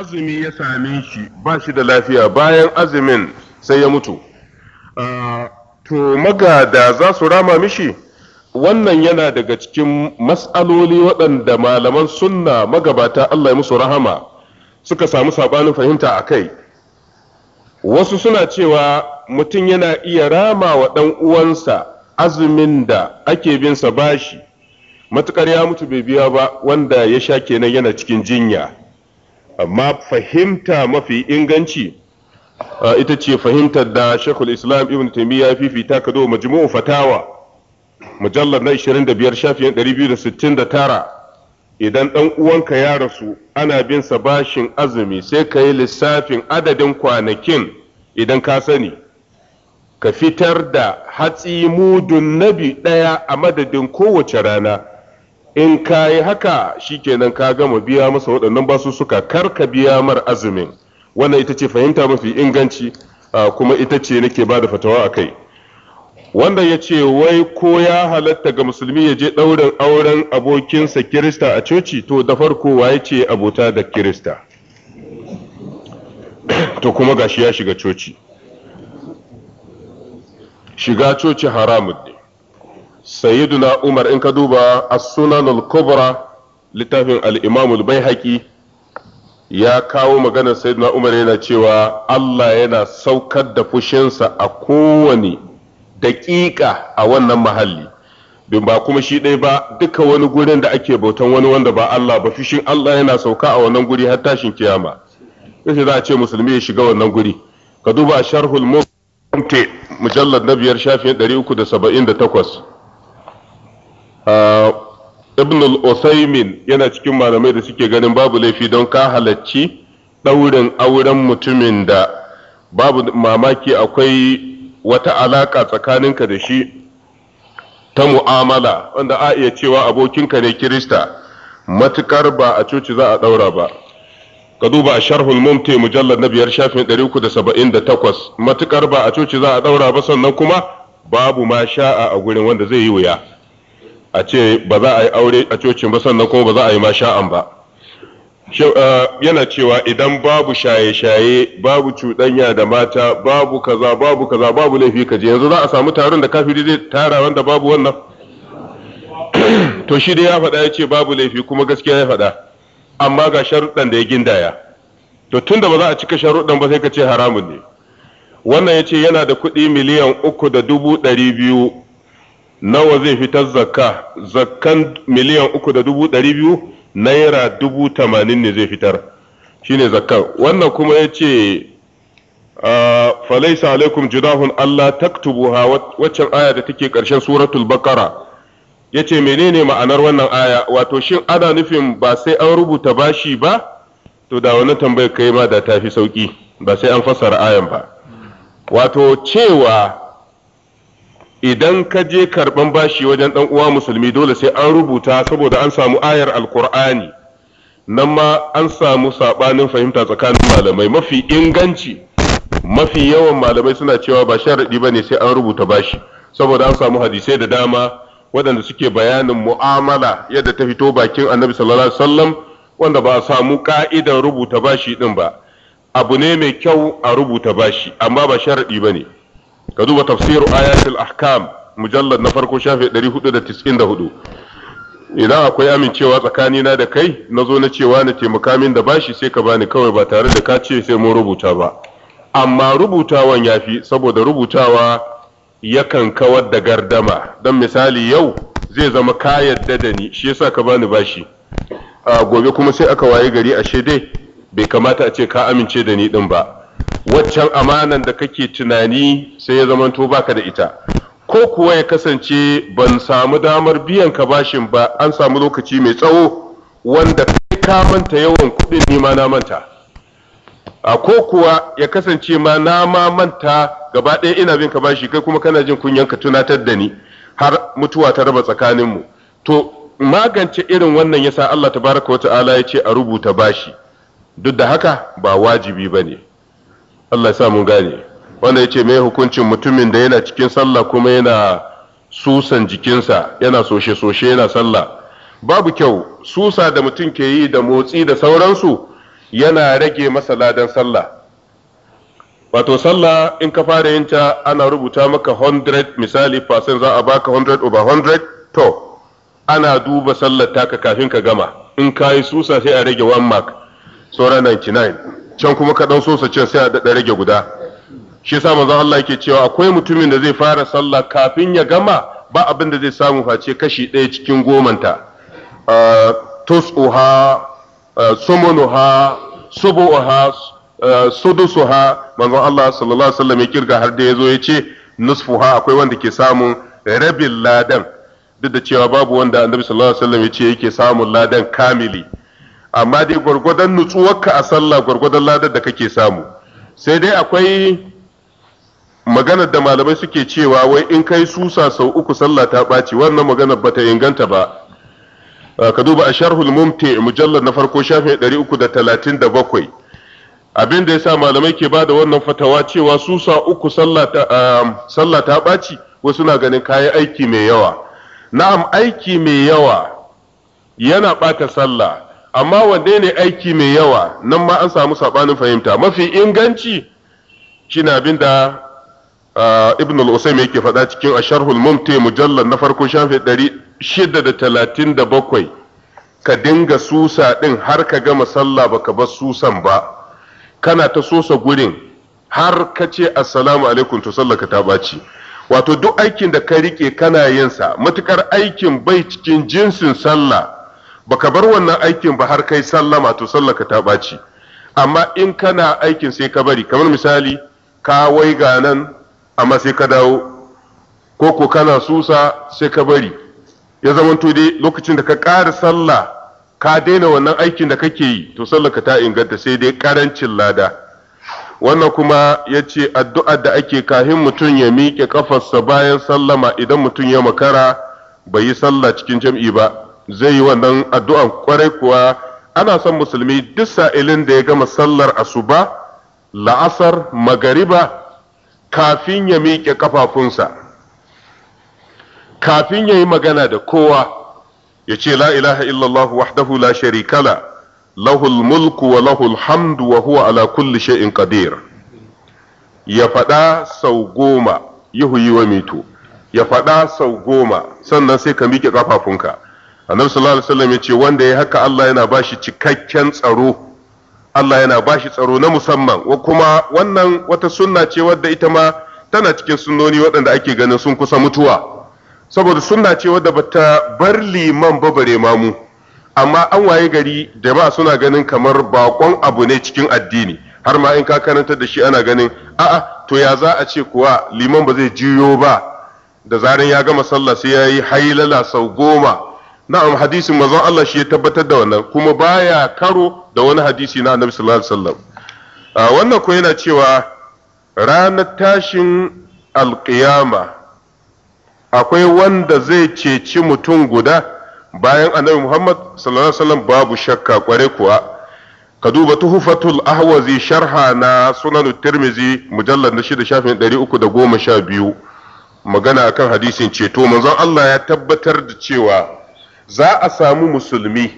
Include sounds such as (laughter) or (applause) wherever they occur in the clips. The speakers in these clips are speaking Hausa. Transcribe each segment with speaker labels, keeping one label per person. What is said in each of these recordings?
Speaker 1: azumi ya same shi ba shi da lafiya bayan azumin sai ya mutu ah, to magada za su rama mishi wannan yana daga cikin matsaloli waɗanda malaman sunna magabata Allah ya musu rahama suka samu sabanin fahimta a kai wasu suna cewa mutum yana iya rama wa ɗan uwansa azumin da ake binsa bashi matukar ya mutu bai biya ba wanda ya sha kenan yana cikin jinya amma fahimta mafi inganci ita ce fahimtar da shekul islam ibn taimiyya ya fifita ka do majmu'u fatawa mujallar na 25 shafiyan 269 idan ɗan uwanka ya rasu ana bin sa bashin azumi sai ka yi lissafin adadin kwanakin idan ka sani ka fitar da hatsi mudun nabi ɗaya a madadin kowace rana in ka yi haka shikenan ka gama biya masa waɗannan basussuka kar ka biya mar azumin wannan ita ce fahimta mafi inganci kuma ita ce nake ba da fatawa a kai wanda ya ce wai ko ya halatta ga musulmi ya je ɗaurin auren abokinsa kirista a coci to da farko wa ce abota da kirista (coughs) to kuma gashi ya shiga coci shiga coci haramun ne sayyiduna umar in ka duba as-sunanul kubra littafin al-imamul baihaqi ya kawo maganar sayyiduna umar yana cewa Allah yana saukar da fushinsa a kowane daƙiƙa a wannan mahalli bin ba kuma shi ɗaya ba duka wani gurin da ake bautan wani wanda ba Allah ba fushin Allah yana sauka a wannan guri har tashin kiyama yace za a ce musulmi ya shiga wannan guri ka duba sharhul mumti mujallad na biyar shafin 378 Uh, ibn al-usaymin yana cikin malamai da suke ganin babu laifi don ka halacci ɗaurin auren mutumin da babu mamaki akwai wata alaƙa tsakaninka da shi ta mu'amala wanda a iya cewa abokinka ne kirista matukar ba a coci za a ɗaura ba ka duba a sharhul mumti mujallar na biyar shafin 378 matukar ba a coci za a ɗaura ba sannan kuma babu ma sha'a a gurin wanda zai yi wuya a ce ba za a yi aure a cocin ba sannan kuma ba za a yi ma ba yana cewa idan babu shaye-shaye babu cuɗanya da mata babu kaza babu kaza babu laifi kaje yanzu za a samu taron da kafiri zai tara wanda babu wannan (clears throat) to shi dai ya faɗa ya ce babu laifi kuma gaskiya ya faɗa amma ga sharuɗan da ya gindaya to tun da ba za a cika sharuɗan ba sai ka ce haramun ne wannan ya ce yana da kuɗi miliyan uku da dubu ɗari biyu nawa zai fitar zakka zakkan miliyan uku da dubu ɗari biyu naira dubu tamanin ne zai fitar shine zakkan wannan kuma ya ce ah, falaisa alaikum junahun Allah taktubuha waccan aya da take ƙarshen suratul bakara ya ce menene ma'anar wannan aya wato shin ana nufin ba sai an rubuta bashi ba to da wani tambayar kai ma da ta fi sauƙi ba sai an fassara ayan ba wato cewa idan ka je karban bashi wajen ɗan uwa musulmi dole sai an rubuta saboda an samu ayar alkur'ani nan ma an samu saɓanin fahimta tsakanin malamai mafi inganci mafi yawan malamai suna cewa ba sharaɗi ba ne sai an rubuta bashi saboda an samu hadisai da dama waɗanda suke bayanin mu'amala yadda ta fito bakin annabi sallallahu alaihi wasallam wanda ba a samu ka'idar rubuta bashi din ba abu ne mai kyau a rubuta bashi amma ba sharaɗi ba ka duba tafsiru ayatul ahkam mujallad na farko shafe 494 idan akwai amincewa tsakani na da kai na zo na cewa na taimaka min da bashi sai ka bani kawai ba tare da ka ce sai mun rubuta ba amma rubutawan ya fi saboda rubutawa yakan kawar da gardama don misali yau zai zama ka yadda da ni shi yasa ka bani bashi a gobe kuma sai aka waye gari ashe dai bai kamata a ce ka amince da ni din ba waccan amanan da kake tunani sai ya zamanto baka da ita ko kuwa ya kasance ban samu damar biyan ka bashin ba an samu lokaci mai tsawo wanda kai ka manta yawan kuɗin ne ma na manta a ko kuwa ya kasance ma na ma manta gaba ɗaya ina bin ka bashi kai kuma kana jin kunyan ka tunatar da ni har mutuwa ta raba tsakanin mu to magance irin wannan yasa Allah tabaraka wa ya ce a rubuta bashi duk da haka ba wajibi bane Allah ya sa mun gane wanda ya ce mai hukuncin mutumin da yana cikin sallah kuma yana susan jikinsa yana soshe-soshe yana sallah babu kyau susa da mutum ke yi da motsi da sauransu yana rage masa ladan sallah wato sallah in ka fara yin ta ana rubuta maka 100 misali fasin za a baka 100 over 100 to ana duba sallar taka kafin ka gama in ka yi susa sai a rage 1 mark sauran 99 can kuma ka dan so can sai a daɗa rage guda shi yasa manzon Allah yake cewa akwai mutumin da zai fara sallah kafin ya gama ba abin da zai samu face kashi ɗaya cikin gomanta uh, tosuha uh, sumunuha subu'uha uh, sudusuha manzon Allah sallallahu alaihi wasallam ya kirga har da yazo ya ce nusfuha akwai wanda ke samun rabin ladan duk da cewa babu wanda annabi sallallahu alaihi wasallam ya ce yake samun ladan kamili amma dai gwargwadon nutsuwarka a sallah gwargwadon ladar da kake samu sai dai akwai maganar da malamai suke cewa wai in kai susa sau uku sallah ta ɓaci wannan maganar bata inganta ba ah, ka duba a sharhul mumti mujallar na farko shafi 337 abin da ya sa malamai ke ba da wannan fatawa cewa susa uku sallah ta ah, ɓaci wasu na ganin kayan aiki mai yawa na'am aiki mai yawa yana ɓata sallah amma wanne ne aiki mai yawa nan ma an samu sabanin fahimta mafi inganci shine abin da ibn al yake faɗa cikin sharhul mumti mujallar na farko shafi 637 ka dinga susa ɗin, har ka gama sallah baka bar susan ba kana ta sosa gurin har ka ce assalamu alaikum to sallah ka ta baci wato duk aikin da ka rike kana yinsa matukar aikin bai cikin jinsin sallah baka bar wannan aikin ba har kai sallama to sallaka ta ɓaci amma in kana aikin sai ka bari kamar misali ka wai ga nan amma sai ka dawo ko ko kana susa sai ka bari ya zamanto dai lokacin da ka ƙara sallah ka daina wannan aikin da kake yi to sallaka ta inganta sai dai ƙarancin lada wannan kuma ya ce addu'ar da ake kahin mutum ya miƙe ƙafarsa bayan sallama idan mutum ya makara bai yi sallah cikin jam'i ba zai yi wannan addu'an kwarai kuwa ana son musulmi duk sa'ilin da ya gama sallar asuba la'asar magariba kafin ya miƙe kafafunsa kafin ya yi magana da kowa ya ce la ilaha illallah wahdahu la sharikala lahul mulku wa lahul hamdu wa huwa ala kulli shay'in qadir ya faɗa sau goma yi wa mito ya faɗa sau goma sannan sai ka miƙe kafafunka annabi sallallahu alaihi wasallam ya ce wanda ya haka Allah yana bashi cikakken tsaro Allah yana bashi tsaro na musamman wa kuma wannan wata sunna ce wadda ita ma tana cikin sunnoni waɗanda ake ganin sun kusa mutuwa saboda sunna ce wadda bata bar liman babare mamu amma an waye gari da ba suna ganin kamar bakon abu ne cikin addini har ma in ka karanta da shi ana ganin a'a to ya za a ce kuwa liman ba zai jiyo ba da zaran ya gama sallah sai ya yi hailala sau goma na'am hadisin manzon Allah shi ya tabbatar da wannan kuma baya karo da wani hadisi na annabi sallallahu alaihi wasallam wannan ko yana cewa ranar tashin alƙiyama akwai wanda zai ceci mutum guda bayan annabi Muhammad sallallahu alaihi wasallam babu shakka kware kuwa ka duba tuhfatul ahwazi sharha na sunan tirmizi mujallad na shida shafin 312 magana akan hadisin ceto manzon Allah ya tabbatar da cewa za a samu musulmi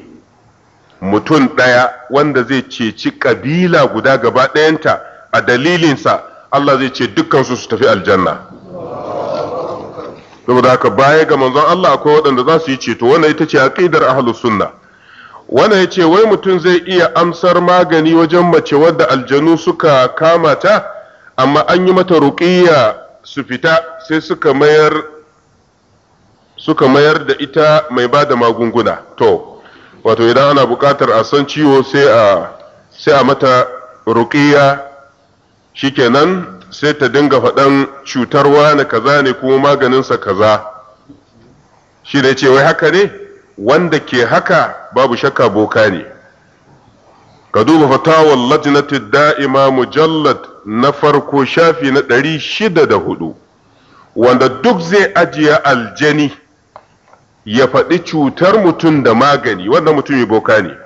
Speaker 1: mutum ɗaya wanda zai ceci ƙabila guda gaba ɗayanta a dalilinsa Allah zai ce dukkansu su tafi aljanna saboda haka baya ga manzon Allah akwai waɗanda za su yi ceto wannan ita ce aqidar ahlus sunna wannan yace wai mutum zai iya amsar magani wajen mace wadda aljanu suka kama ta amma an yi mata ruqiyya su fita sai suka mayar suka mayar da ita mai ba da magunguna to wato idan ana buƙatar a san ciwo sai a mata a mata ruqiya shikenan sai ta dinga faɗan cutar wani kaza ne kuma maganinsa kaza shi da ce wai haka ne wanda ke haka babu shakka boka ne ka duba fatawar lajnati da'ima mujallad na farko shafi na ɗari shida da hudu wanda duk zai ajiye aljani ya faɗi cutar mutum da magani wannan mutum boka ne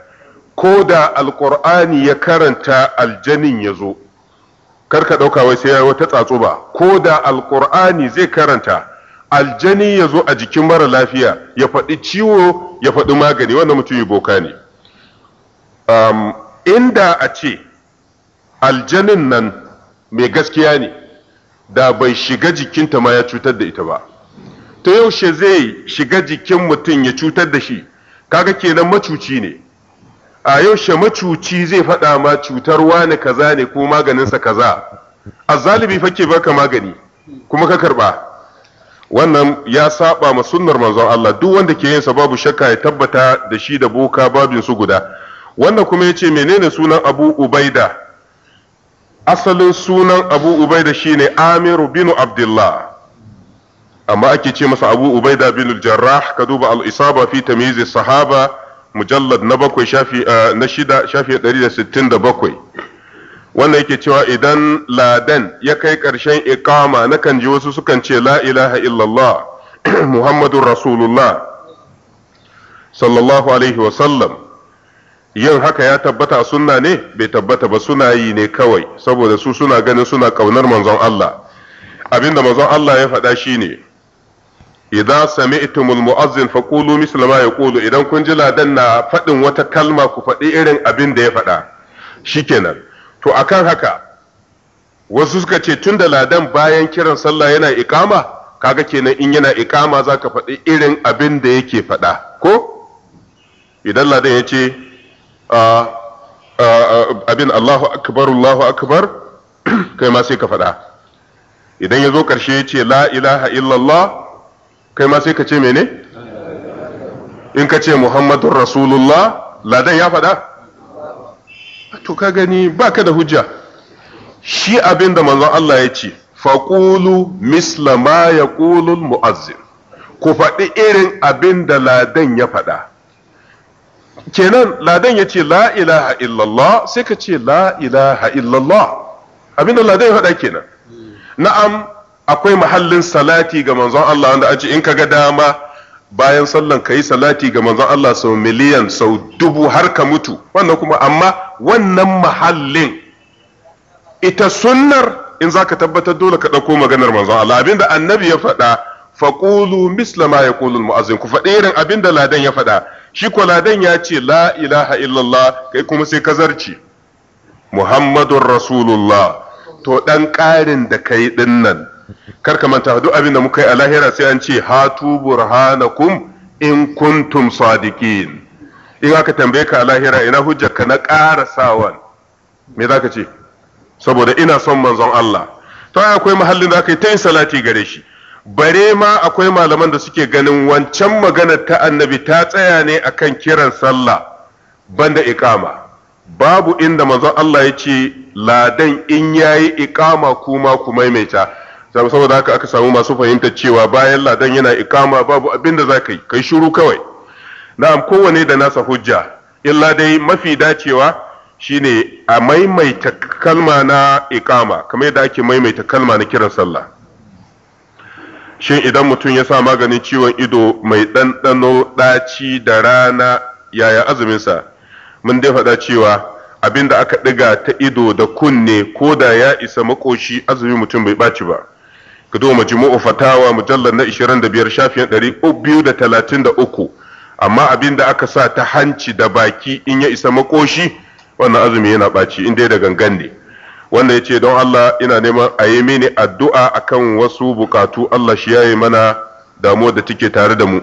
Speaker 1: ko da alƙur'ani ya karanta aljanin ya zo karka ɗauka wai sai ya wata ba, ko da alƙur'ani zai karanta aljani ya zo a jikin mara lafiya ya faɗi ciwo ya faɗi magani wannan mutum boka ne um, inda a ce aljanin nan mai gaskiya ne da bai shiga jikinta ma ya cutar da ita ba ta yaushe zai shiga jikin mutum ya cutar da shi kaga kenan macuci ne a yaushe macuci zai faɗa ma cutar wani kaza ne ko maganinsa kaza a zalibi fake baka magani kuma ka karba wannan ya saba ma sunnar manzon Allah duk wanda ke yin sa babu shakka ya tabbata da shi da boka babin su guda wannan kuma yace menene sunan Abu Ubaida asalin sunan Abu Ubaida shine Amiru bin Abdullah amma ake ce masa abu ubaida bin jarrah ka duba al-isaba fi tamyiz sahaba mujallad na bakwai shafi eh, na shida shafi 167 wannan yake cewa idan ladan ya kai ƙarshen na nakan ji wasu sukan ce la ilaha illallah (clears throat) muhammadun rasulullah sallallahu alaihi wa sallam yin haka ya tabbata sunna ne bai tabbata ba suna yi ne kawai saboda su suna ganin suna kaunar manzon Allah abinda manzon Allah ya faɗa shine idza sami'tumul mu'azzin faqulu misla ma yaqulu idan kun ji ladan na faɗin wata kalma ku faɗi irin abin da ya faɗa shikenan to akan haka wasu suka ce tun da ladan bayan kiran sallah yana iqama kaga kenan in yana iqama zaka faɗi irin abin da yake faɗa ko idan ladan ya ce abin Allahu akbar Allahu akbar (clears throat) kai ma sai ka faɗa idan ya zo ƙarshe ya ce la ilaha illallah kai ma sai ka ce mene in ka ce muhammadun rasulullah ladan ya faɗa to ka gani ba ka da hujja shi abin da manzon Allah ya ce faƙulu misla ma ya mu'azzin ku faɗi irin abin da ladan ya faɗa kenan ladan ya ce la ilaha illallah sai ka ce la ilaha illallah abin da ladan ya faɗa kenan na'am akwai mahallin salati ga manzon Allah wanda an in ka ga dama bayan sallan ka yi salati ga manzon Allah sau miliyan sau dubu har ka mutu wannan kuma amma wannan mahallin ita sunnar in za ka tabbatar dole ka ɗauko maganar manzon Allah abinda annabi ya faɗa faƙulu misla ma ya ƙulul ku faɗi irin abinda ladan ya faɗa shi ko ladan ya ce la ilaha illallah kai kuma sai ka zarci muhammadun rasulullah to ɗan ƙarin da kai ɗin nan kar ka manta duk abin da muka yi a lahira sai an ce hatu burhanakum in kuntum sadiqin in aka tambaye ka a lahira ina ka na sawan. me za ka ce saboda ina son manzon Allah to akwai mahallin da aka yi ta yin salati gare shi bare ma akwai malaman da suke ganin wancan magana ta annabi ta tsaya ne akan kiran sallah banda iqama babu inda manzon Allah yace ladan in yayi iqama kuma ku maimaita saboda haka aka samu masu fahimtar cewa bayan ladan yana ikama babu abin da za ka yi kai shiru kawai na'am kowane da nasa hujja illa dai mafi dacewa shine a maimaita kalma na ikama kamar yadda ake maimaita kalma na kiran sallah shin idan mutum ya sa maganin ciwon ido mai ɗanɗano ɗaci da rana yaya azuminsa mun dai faɗa cewa abin da aka ɗiga ta ido da kunne ko da ya isa makoshi azumin mutum bai ɓaci ba ka duba majmu'u fatawa mujallar na 25 shafin 233 amma abin da aka sa ta hanci da baki in ya isa makoshi wannan azumi yana ɓaci in dai da gangan ne wannan ya ce don Allah ina neman a yi mini addu'a akan wasu bukatu Allah shi yayi mana damuwa da take tare da mu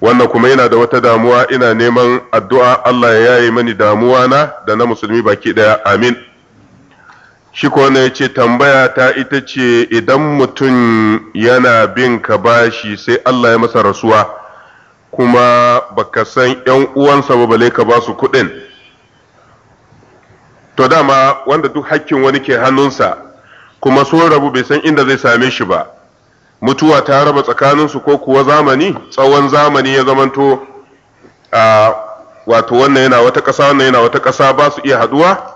Speaker 1: wannan kuma yana da wata damuwa ina neman addu'a Allah ya yaye mani damuwa na da na musulmi baki daya amin shi ko ya ce tambaya ta ita ce idan mutum yana bin ka bashi sai Allah ya masa rasuwa kuma baka san ‘yan uwansa ba bale ka ba kuɗin to dama wanda duk hakkin wani ke hannunsa kuma sun rabu bai san inda zai same shi ba mutuwa ta raba tsakaninsu ko kuwa zamani tsawon zamani ya zamanto a wato wannan yana wata ƙasa wannan yana wata ƙasa ba su iya haɗuwa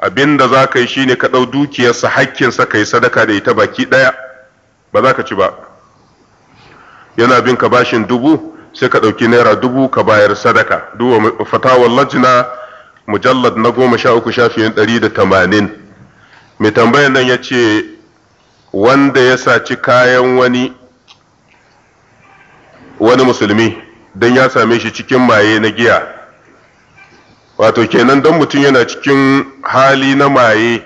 Speaker 1: abin da za ka yi shi ne ka ɗau dukiyarsa hakkinsa ka yi sadaka da ita baki ɗaya ba za ka ci ba yana bin ka bashin dubu sai ka ɗauki naira dubu ka bayar sadaka duba fatawar lajina mujallad na goma sha uku shafiyan ɗari da tamanin mai tambayan nan ya ce wanda ya saci kayan wani wani musulmi don ya same shi cikin maye na giya wato kenan don mutum yana cikin hali na maye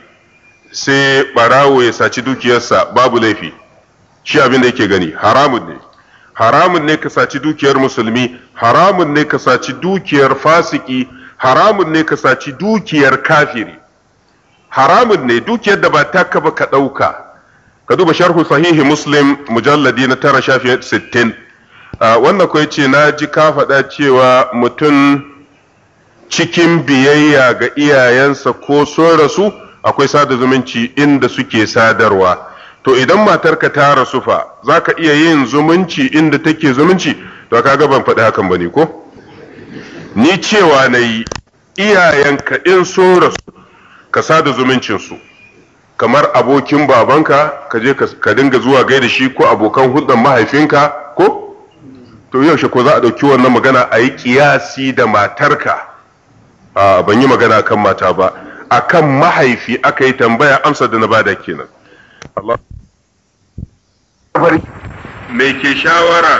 Speaker 1: sai barawo ya saci dukiyarsa babu laifi shi abin da yake gani haramun ne haramun ne ka saci dukiyar musulmi haramun ne ka saci dukiyar fasiki haramun ne ka saci dukiyar kafiri haramun ne dukiyar da ba ta ba ka ɗauka ka duba sharhu sahihi muslim mujalladi na tara shafi sittin ah, wannan ko ce na ji ka faɗa cewa mutum cikin biyayya ga iyayensa ko sun rasu akwai sada zumunci inda suke sadarwa to idan matarka ta rasu fa za ka iya yin zumunci inda take zumunci to ka ga ban faɗi hakan ba ne ko ni cewa na yi iyayenka in sun rasu ka sada su? kamar abokin babanka ka je ka dinga zuwa gaida shi ko abokan hulɗar mahaifinka ko to yaushe ko za a ɗauki wannan magana a yi ƙiyasi da matarka ban yi magana kan mata ba akan mahaifi aka yi tambaya amsar da na bada kenan Allah me ke shawara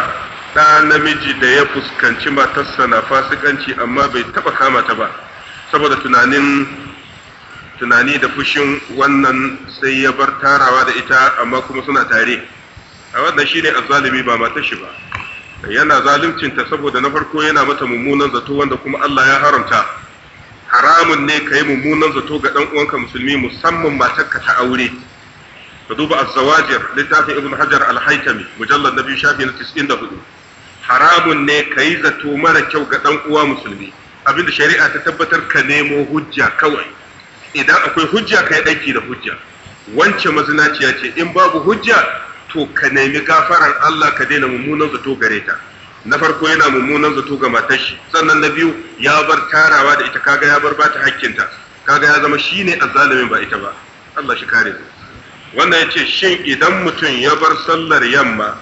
Speaker 1: da namiji da ya fuskanci matarsa na fasikanci amma bai taba kama ta ba saboda tunanin tunani da fushin wannan sai ya bar tarawa da ita amma kuma suna tare a wannan shine azzalimi ba matar shi ba yana zaluncinta saboda na farko yana mata mummunan zato wanda kuma Allah ya haramta haramun ne ka yi mummunan zato ga ɗan uwanka musulmi musamman matarka ta aure ka duba azzawajir littafin ibn hajar al-haitami mujallar na biyu shafi na hudu. haramun ne ka yi zato mara kyau ga ɗan uwa musulmi abinda shari'a ta tabbatar ka nemo hujja kawai idan akwai hujja ka yi aiki da hujja wance mazinaciya ce in babu hujja to ka nemi gafaran Allah ka daina mummunan zato gare ta na farko yana mummunan zato ga matar shi sannan na biyu ya bar tarawa da ita kaga ya bar bata hakkinta kaga ya zama shine azzalimin ba ita ba Allah shi kare mu wannan yace shin idan mutum ya bar sallar yamma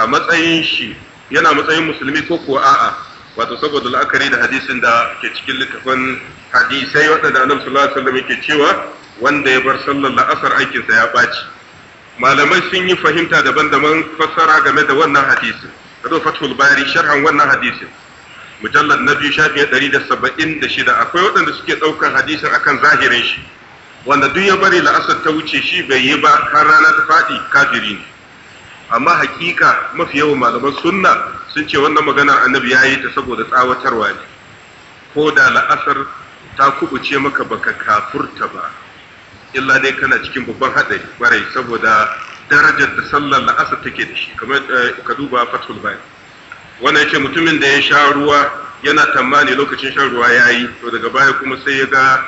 Speaker 1: a matsayin shi yana matsayin musulmi ko ko a'a wato saboda la'akari da hadisin da ke cikin littafin hadisai waɗanda annabi sallallahu alaihi wasallam yake cewa wanda ya bar sallar la'asar aikinsa ya ɓaci malamai sun yi fahimta daban-daban fassara game da wannan hadisin ka fathul bari sharhan wannan hadisin mujallar na biyu shafi ɗari da saba'in da shida akwai waɗanda suke ɗaukar hadisin akan zahirin shi wanda duk ya bari la'asar ta wuce shi bai yi ba har rana ta faɗi kafiri ne amma hakika mafi yawan malaman sunna sun ce wannan maganar annabi ya yi ta saboda tsawatarwa ne ko da la'asar ta kubuce maka baka kafurta ba illa dai kana cikin babban haɗari kwarai saboda darajar da sallar asar take da shi kamar eh, ka duba fatul bayan wanda yake mutumin da ya sha ruwa yana tamani lokacin shan ruwa ya yi to daga baya kuma sai ya ga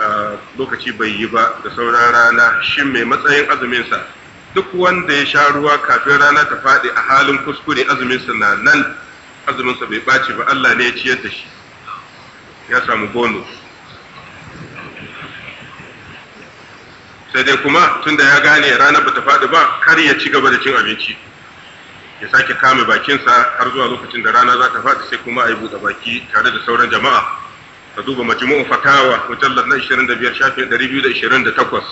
Speaker 1: eh, lokaci bai yi ba da sauran rana shin mai matsayin azuminsa duk wanda ya sha ruwa kafin rana ta faɗi a halin kuskure azuminsa na nan azuminsa bai ɓaci ba Allah ne ya ciyar da shi ya samu bonus sai dai kuma tunda ya gane ranar bata faɗi ba kar ya ci gaba da cin abinci ya sake kame bakinsa har zuwa lokacin da rana za ta faɗi sai kuma a yi buɗe baki tare da sauran jama'a ka duba majmu'u fatawa mujallar na 25 shafin 228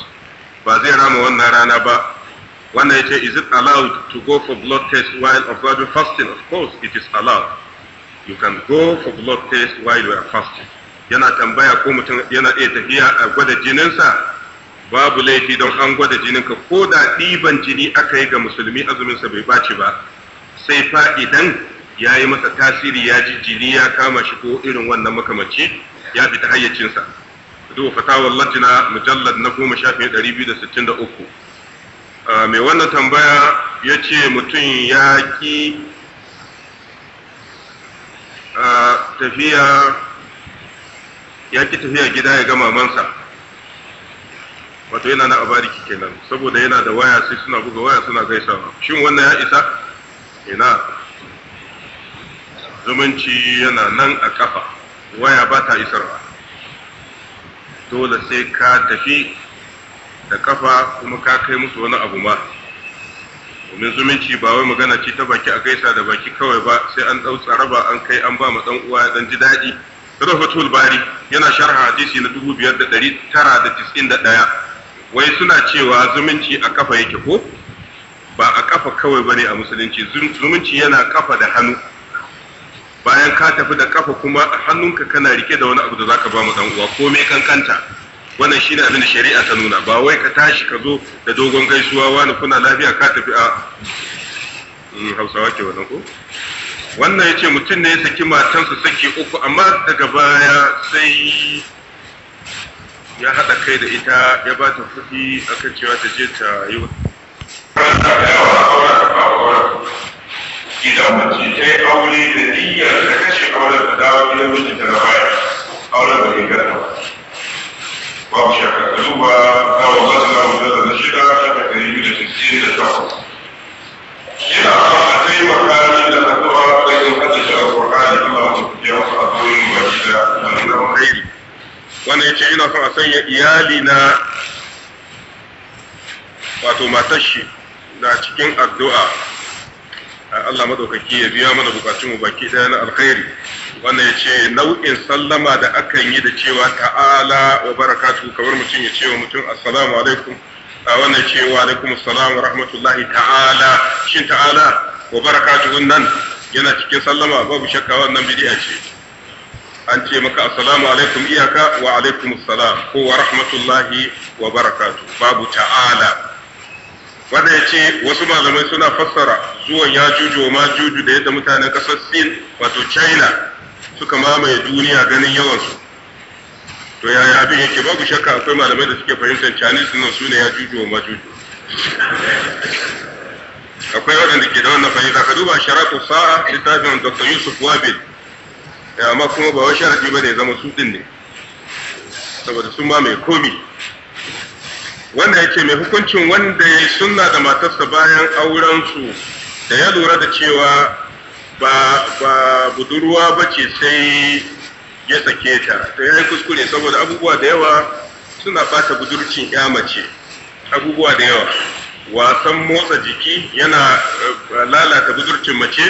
Speaker 1: ba zai rama wannan rana ba wannan yace is it allowed to go for blood test while observing fasting of course it is allowed you can go for blood test while you are fasting yana tambaya ko mutum yana iya tafiya a gwada jininsa babu laifi don an gwada jininka ko da ɗiban jini aka yi ga musulmi azuminsa bai baci ba sai fa idan ya yi masa tasiri ya ji jini ya kama shi ko irin wannan makamanci ya fita hayyacinsa duk fatawar latina mujallar na goma shafi ɗari biyu da sittin da uku mai wannan tambaya ya ce mutum ya ki tafiya ya ki tafiya gida ya ga mamansa wato yana na abariki kenan saboda yana da waya sai suna buga waya suna gaisawa shin wannan ya isa ina zumunci yana nan a kafa waya ba ta isarwa dole sai ka tafi da kafa kuma ka kai musu wani abu ma domin zumunci ba wai magana ce ta baki a gaisa da baki kawai ba sai an ɗau tsaraba an kai an ba ma dan uwa dan ji daɗi Rafatul Bari yana sharha hadisi na 2991 wai suna cewa zumunci a kafa yake ko ba a kafa kawai bane a musulunci zumunci yana kafa da hannu bayan ka tafi da kafa kuma hannunka kana rike da wani abu da zaka ba mu dan uwa ko me kankanta wannan shine abin da shari'a ta nuna ba wai ka tashi ka zo da dogon gaisuwa wani kuna lafiya ka tafi a hmm, Hausawa ke wannan ko wannan yace mutum ne ya saki matansa saki uku amma daga baya sai ya haɗa kai da ita ya ba ta kuɗi akan cewa ta je ta yi idan mace ta yi aure da niyyar ta kashe auren da dawo gidan mijinta na baya auren da ke gata babu shakka ka duba kawo masu kawo da da shida shakka ɗari biyu da sittin da takwas
Speaker 2: yana son a taimaka min da addu'a
Speaker 1: wannan ce ina son a sanya iyali na wato matar shi na cikin addu'a Allah madaukaki ya biya mana bukatun mu baki daya na alkhairi wannan ya ce nau'in sallama da akan yi da cewa ta'ala wa barakatu kamar mutum ya ce wa mutum assalamu alaikum a wannan ce wa alaikum assalam wa rahmatullahi ta'ala shin ta'ala wa barakatu nan yana cikin sallama babu shakka wannan bid'a ce an ce maka assalamu alaikum iyaka wa alaikum assalam ko wa rahmatullahi wa barakatu babu ta'ala wanda ya ce wasu malamai suna fassara zuwan ya juju ma juju da yadda mutanen kasar sin wato china suka mamaye duniya ganin yawansu to yaya abin yake babu shakka akwai malamai da suke fahimtar chinese nan su ne ya juju ma juju akwai waɗanda ke da wannan fahimta ka duba sharaku sa'a littafin dr yusuf wabil Eh, amma kuma ba washe sharadi ba ne zama su din ne saboda sun ma mai komi wanda yake mai hukuncin wanda ya sunna da matarsa bayan aurensu da ya lura da cewa ba ba budurwa ba ce sai ya sake ta to yi kuskure saboda abubuwa da yawa suna bata budurcin ya mace abubuwa da yawa wasan motsa jiki yana eh, lalata budurcin mace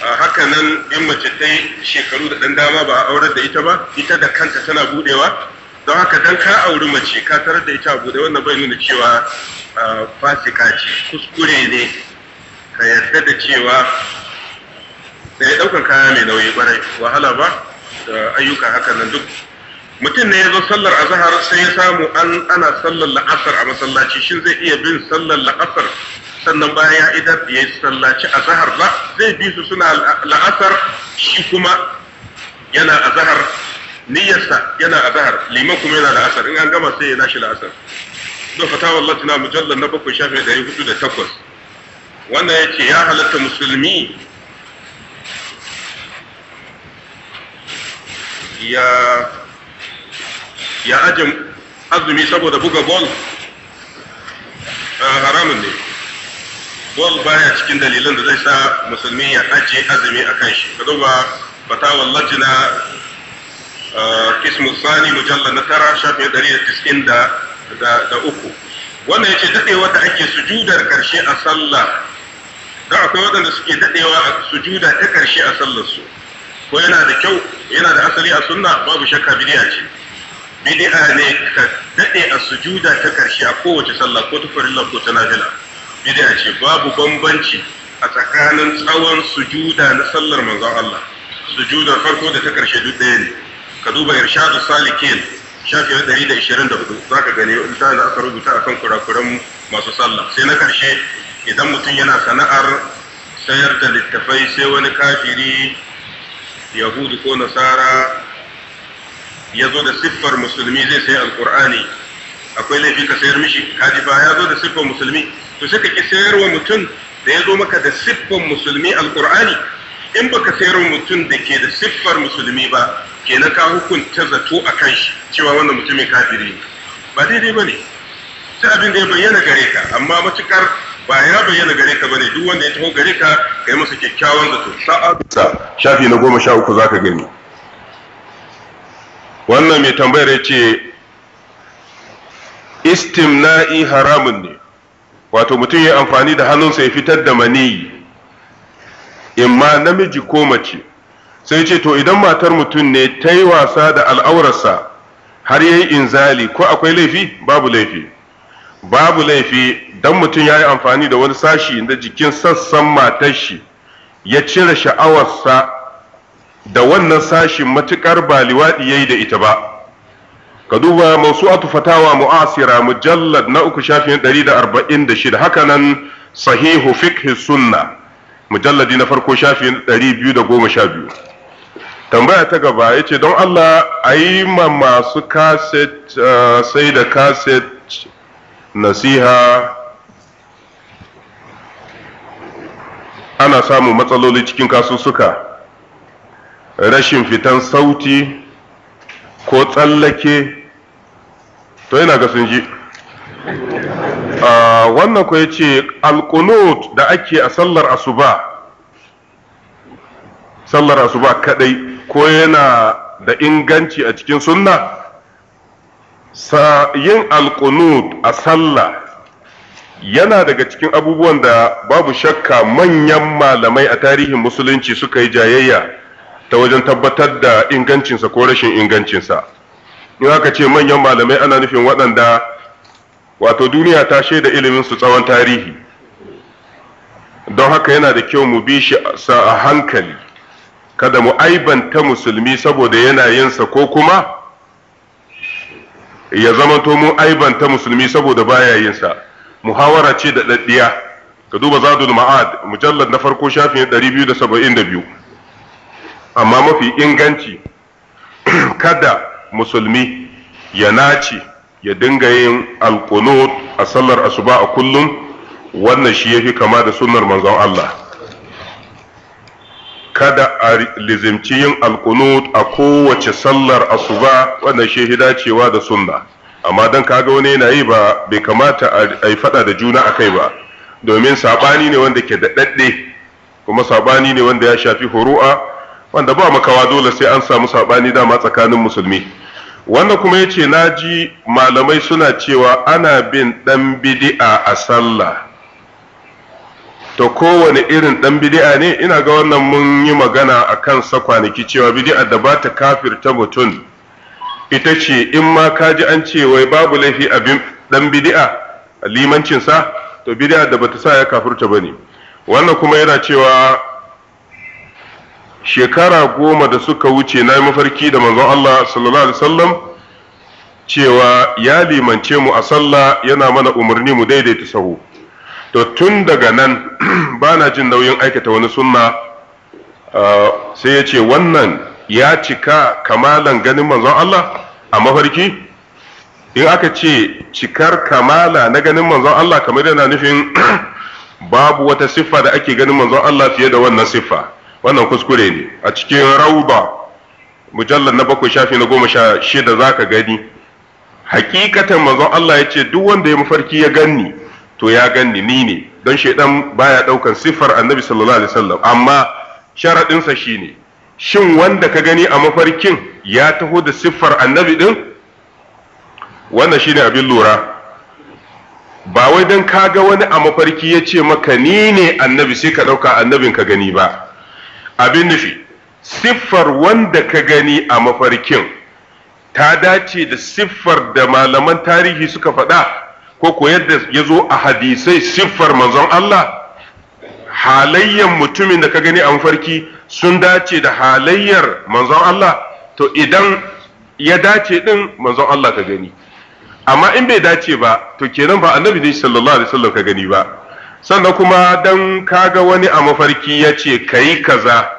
Speaker 1: haka nan yan mace ta shekaru da ɗan dama ba a aurar da ita ba ita da kanta tana budewa don haka dan ka auri mace ka tarar da ita a bude wannan bai nuna cewa fasika ce kuskure ne ka yarda da cewa da ya ɗaukar kaya mai nauyi ƙwarai wahala ba da ayyuka haka nan duk mutum ne ya zo sallar azahar sai ya samu an ana sallar la'asar a masallaci shin zai iya bin sallar la'asar sannan bayan ya idar ya sallaci a zahar ba zai bi su suna la'asar shi kuma yana a zahar niyyarsa yana a zahar liman kuma yana la'asar in an gama sai ya nashi la'asar don fata wa latina mujallar na bakwai shafin ɗari hudu da takwas wannan ya ce ya halatta musulmi ya ya ajin azumi saboda buga bol eh, haramun ne wal baya cikin dalilan da zai sa musulmi ya ajiye azumi a kan shi ka duba fatawar lajina kismu uh, sani mujallar na tara shafin ɗari da tis'in da uku wannan yace daɗewa da ake sujudar ƙarshe a sallah Da akwai waɗanda suke daɗewa a sujuda ta ƙarshe a sallar su. ko yana da kyau yana da asali a sunna babu shakka bidiya ce bidi'a ne ka daɗe a sujuda ta ƙarshe a kowace sallah ko ta farilla ko ta nafila bid'a ce babu bambanci a tsakanin tsawon sujuda na sallar manzon Allah sujuda farko da ta karshe duk ɗaya ne ka duba irshadu salikin shafi na ɗari da ishirin da hudu za ka gani da aka rubuta akan kurakuran masu sallah sai na karshe idan mutum yana sana'ar sayar da littafai sai wani kafiri yahudi ko nasara ya zo da siffar musulmi zai sayi alkur'ani akwai laifi ka sayar mishi kadifa ya zo da siffar musulmi to sai ka ki wa mutum da ya zo maka da siffar musulmi alkur'ani in baka sayarwa mutum da ke da siffar musulmi ba ke na ka hukunta zato a kan shi cewa wannan mutumin kafiri ne ba daidai ba ne sai abin da ya bayyana gare ka amma matukar ba ya bayyana gare ka ne, duk wanda ya taho gare ka yi masa kyakkyawan zato sa'a shafi na goma sha uku zaka gani wannan mai tambayar ya ce istimna'i haramun ne wato mutum ya amfani da hannunsa ya fitar da maniyi ma namiji ko mace sai ce to idan matar mutum ne ta yi wasa da al'aurarsa har ya yi inzali ko akwai laifi babu laifi babu laifi don mutum ya yi amfani da wani sashi na jikin sassan matar shi ya cire sha'awarsa da wannan sashin matukar ba liwaɗi ya yi da ita ba ka duba masu fatawa mu'asira mujallad na uku shafin shida haka nan sahihu fikhi sunna mujalladi na farko shafin biyu. tambaya ta gaba ya ce don Allah a yi ma masu kaset uh, sai da kaset nasiha ana samun matsaloli cikin kasusuka, rashin fitan sauti ko tsallake to yana ga sun ji wannan ko ya ce alkunut da ake a sallar asuba sallar asuba kadai ko yana da inganci a cikin sunna sa yin alkunut a sallah yana daga cikin abubuwan da babu shakka manyan malamai a tarihin musulunci suka yi jayayya ta wajen tabbatar da ingancinsa ko rashin ingancinsa in aka ce manyan malamai ana nufin waɗanda wato duniya ta shaida ilimin su tsawon tarihi don haka yana da kyau mu bi shi a hankali kada mu aibanta musulmi saboda yanayinsa ko kuma ya zamanto mu aibanta musulmi saboda baya yinsa muhawara ce da daddiya ka duba zadul ma'ad mujallad na farko shafin 272 amma mafi inganci (clears throat) kada musulmi ya nace ya dinga yin alkunut a sallar asuba a kullum wannan shi yafi kama da sunnar manzon Allah kada a lizimci yin alkunut a kowace sallar asuba wannan shi dacewa da sunna amma dan kaga wani yana yi ba bai kamata a yi fada da juna a kai ba domin sabani ne wanda ke da dadde kuma sabani ne wanda ya shafi huru'a wanda ba makawa dole sai an samu saɓani dama tsakanin musulmi wannan kuma ya ce na ji malamai suna cewa ana bin ɗan bidi'a a sallah to kowane irin ɗan bidi'a ne ina ga wannan mun yi magana a kansa kwanaki cewa bidi'a da ba ta kafirta mutum ita ce in ma ka ji an ce wai babu laifi a ɗan bidi'a limancinsa to bidi'a da bata sa ya kafirta ba ne wannan kuma yana cewa shekara goma da suka wuce na yi mafarki da manzon Allah sallallahu alaihi wasallam cewa ya limance mu a sallah yana mana umarni mu daidaita sahu to tun daga nan (clears throat) ba na jin nauyin aikata wani sunna ah, sai ya ce wannan ya cika kamalan ganin manzon Allah a mafarki in aka ce cikar kamala na ganin manzon Allah kamar yana nufin (clears throat) babu wata siffa da ake ganin manzon Allah fiye da wannan siffa wannan kuskure ne a cikin rauba mujallar na bakwai shafi na goma sha shida za ka gani hakikatan manzon Allah ya ce duk wanda ya mafarki ya ganni to ya ganni ni ne don shaidan baya daukan siffar annabi sallallahu alaihi wasallam amma sharaɗinsa shine shin wanda ka gani a mafarkin ya taho da siffar annabi din wannan shine abin lura ba wai don ka ga wani a mafarki ya ce maka ni ne annabi sai ka ɗauka annabin ka gani ba abin nufi siffar wanda ka gani a mafarkin ta dace da siffar da malaman tarihi suka faɗa ko ko yadda ya zo a hadisai siffar manzon Allah halayyan mutumin da ka gani a mafarki sun dace da halayyar manzon Allah to idan ya dace din manzon Allah ka gani amma in bai dace ba to kenan ba annabi ne sallallahu alaihi wasallam ka gani ba sannan kuma dan kaga wani a mafarki ya ce ka yi kaza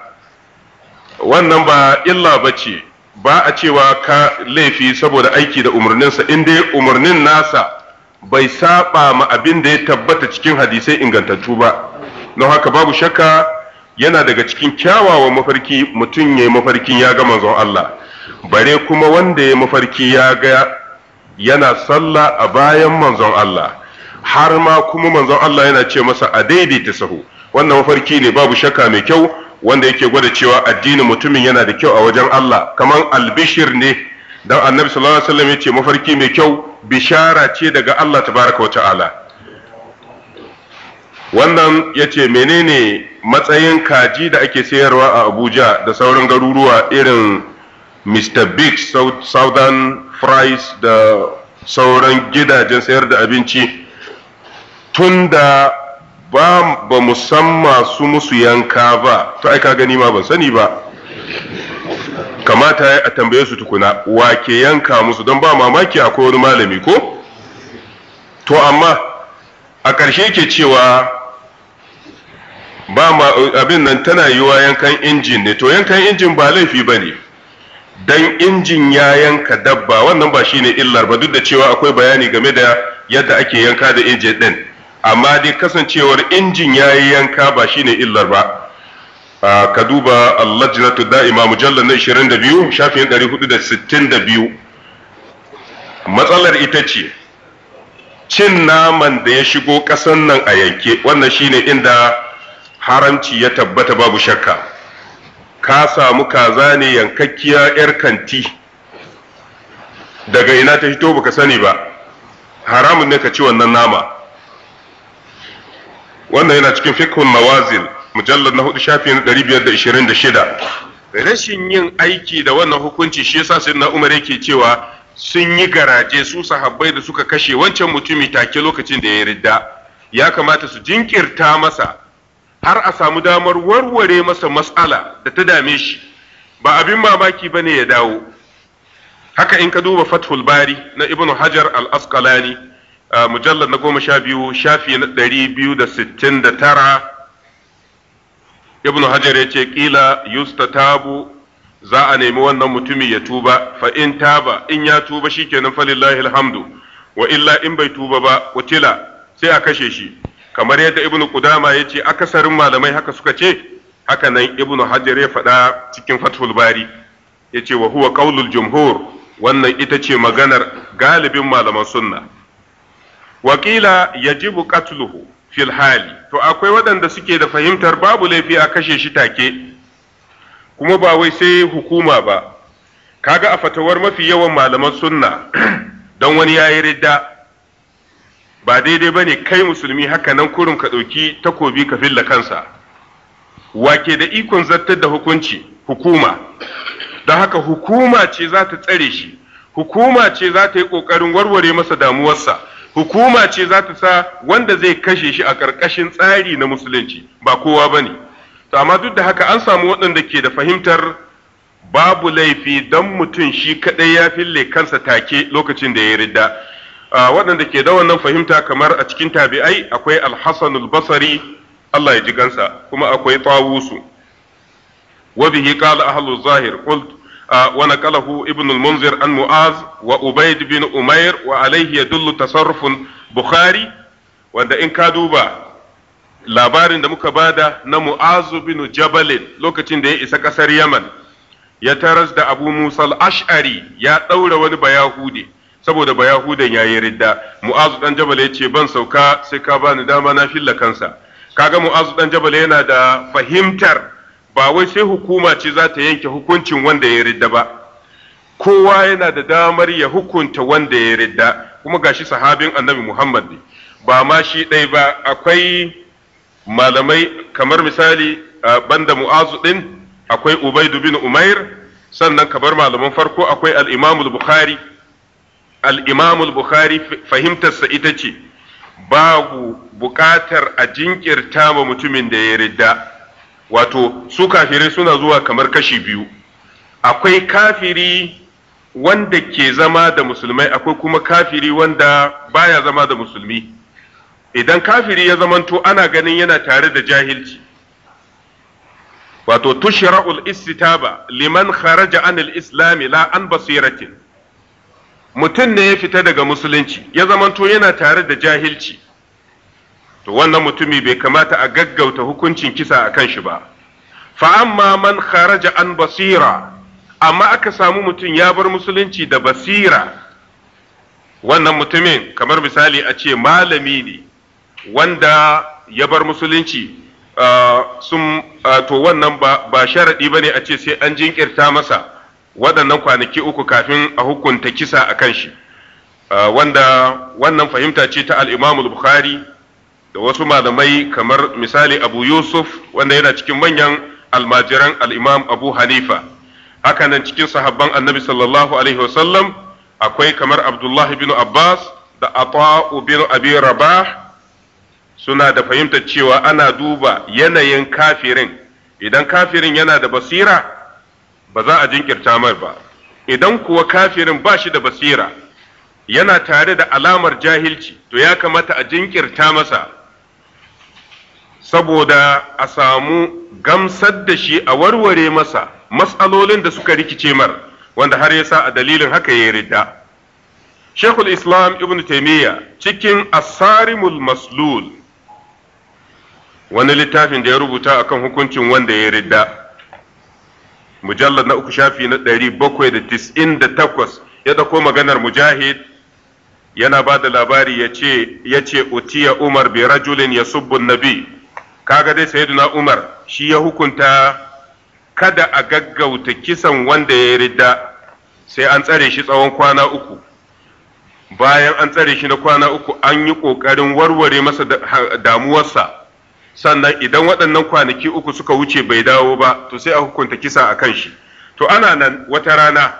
Speaker 1: wannan ba illa ba ce ba a cewa ka laifi saboda aiki da umarninsa inda dai umarnin nasa bai saba ma abin da ya tabbata cikin hadisai ingantattu ba don haka babu shakka yana daga cikin kyawawan mafarki mutum ya yi mafarkin ya ga manzon Allah bare kuma wanda ya yi mafarki ya ga yana sallah a bayan manzon Allah har ma kuma manzon Allah yana ce masa a daidaita sahu wannan mafarki ne babu shakka mai kyau wanda yake gwada cewa addinin mutumin yana da kyau a wajen Allah kaman albishir ne dan annabi sallallahu alaihi wasallam yace mafarki mai kyau bishara ce daga Allah tabaraka wa ta'ala wannan yace menene matsayin kaji da ake sayarwa a Abuja da sauran garuruwa irin Mr. Big Southern Fries da sauran gidajen sayar da abinci tunda ba ba musamma su musu yanka ba to ai ka gani ma ban sani ba kamata a tambaye su tukuna wa ke yanka musu don ba mamaki akwai wani malami ko to amma a ƙarshe ke cewa ba ma abin nan tana yiwa yankan injin ne to yankan injin ba laifi ba ne don injin ya yanka dabba wannan ba shi ne illar ba duk da cewa akwai bayani game da yadda ake yanka da injin din amma dai kasancewar injin ya yi yanka ba shine illar ba ka duba allajinatu da'ima mujallar na 22 shafin 462 matsalar ita ce cin naman da ya shigo kasan nan a yanke wannan shine inda haramci ya tabbata babu shakka ka samu kaza ne yankakkiya 'yar kanti daga ina ta fito baka sani ba haramun ne ka ci wannan nama wannan yana cikin fikhun mawazin mujallar na hudu shafi na ɗari biyar da ishirin da shida rashin yin aiki da wannan hukunci shi yasa sayyidina umar yake cewa sun yi garaje su sahabbai da suka kashe wancan mutumi take lokacin da ya ridda ya kamata su jinkirta masa har a samu damar warware masa mas'ala da ta dame shi ba abin mamaki ba ne ya dawo haka in ka duba fathul bari na ibnu hajar al-asqalani mujallar na goma sha biyu shafi na ɗari biyu da sittin da tara ibnu hajar ya ce ƙila yusta tabu za a nemi wannan mutumi ya tuba fa in taba in ya tuba shikenan falillahi alhamdu wa illa in bai tuba ba kutila sai a kashe shi kamar yadda ibnu Kudama ya ce akasarin malamai haka suka ce haka nan ibnu hajar ya faɗa cikin fathul bari ya ce wa huwa ƙaulul jumhur wannan ita ce maganar galibin malaman sunna Waƙila yajibu qatluhu fil hali to akwai waɗanda suke da fahimtar babu laifi a kashe shi take kuma ba wai sai hukuma ba kaga a fatawar mafi yawan malaman sunna (clears throat) don wani ya yi ridda ba daidai ba ne kai musulmi haka nan kurin ka ɗauki takobi ka filla kansa wake da ikon zartar da hukunci hukuma don haka hukuma ce za ta tsare shi hukuma ce za ta yi ƙoƙarin warware masa damuwarsa hukuma ce za ta sa wanda zai kashe shi a ƙarƙashin tsari na musulunci ba kowa ba ne to amma duk da haka an samu waɗanda ke da fahimtar babu laifi don mutum shi kaɗai ya fille kansa take lokacin da ya ridda ah, waɗanda ke da wannan fahimta kamar a cikin tabi'ai akwai alhassanul basari Allah ya ji gansa kuma akwai tawusu wa bihi qala ahlul zahir qult wa naqalahu ibn al-munzir an mu'az wa Ubaid bin umair wa alayhi yadullu bukhari wanda in ka duba labarin da muka bada na mu'azu bin jabalin lokacin da ya isa ƙasar yaman ya taras da abu musa ashari ya daura wani bayahude saboda ya yi ridda mu'azu dan jabal ya ce ban sauka sai ka bani dama na filla kansa kaga mu'azu dan jabal yana da fahimtar ba wai sai hukuma ce za ta yanke hukuncin wanda ya ridda ba kowa yana da damar ya hukunta wanda ya ridda kuma gashi sahabin annabi Muhammad ne ba ma shi ɗai ba akwai malamai kamar misali banda mu'azu ɗin akwai ubaidu bin umair sannan kamar malaman farko akwai al'imamul bukhari al'imamul bukhari fahimtarsa ita ce babu buƙatar a jinkirta ma mutumin da ya ridda wato su kafirai suna zuwa kamar kashi biyu akwai kafiri wanda ke zama da musulmai akwai kuma kafiri wanda baya zama da musulmi idan kafiri ya zamanto ana ganin yana tare da jahilci wato tushra'ul istitaba liman kharaja anil islami la an basiratin mutum ne ya fita daga musulunci ya zamanto yana tare da jahilci to wannan mutumi bai kamata a gaggauta hukuncin kisa a kan shi ba fa amma man kharaja an basira amma aka samu mutum ya bar musulunci da basira wannan mutumin kamar misali a ce malami ne wanda ya bar musulunci sun to wannan ba sharaɗi ba ne a ce sai an jinkirta masa waɗannan kwanaki uku kafin a hukunta kisa a kan shi wanda wannan fahimta ce ta al'imamul bukhari da wasu malamai kamar misali abu yusuf wanda yana cikin manyan almajiran al'imam abu hanifa hakanan cikin sahabban annabi sallallahu alaihi wasallam akwai kamar abdullahi bin abbas da ata'u bin abi rabah suna da fahimtar cewa ana duba yanayin kafirin idan kafirin yana da basira ba za a jinkirta mai ba idan kuwa kafirin ba shi da basira yana tare da alamar jahilci to ya kamata a jinkirta masa saboda a samu gamsar da shi a warware masa matsalolin da suka rikice mar wanda har yasa a dalilin haka ya ridda Shekul Islam Ibn Taimiyya cikin Asarimul Maslul wani littafin da ya rubuta akan hukuncin wanda ya ridda mujallar na uku shafi na ɗari bakwai da tis'in da takwas ya ɗauko maganar mujahid yana ba da labari ya ce utiya umar bi rajulin ya subbun nabi kaga dai sayyiduna Umar shi ya hukunta kada a gaggauta kisan wanda ya ridda sai an tsare shi tsawon kwana uku bayan an tsare shi na kwana uku an yi ƙoƙarin warware masa damuwarsa sannan idan waɗannan kwanaki uku suka wuce bai dawo ba to sai a hukunta kisa a kan shi to ana nan wata rana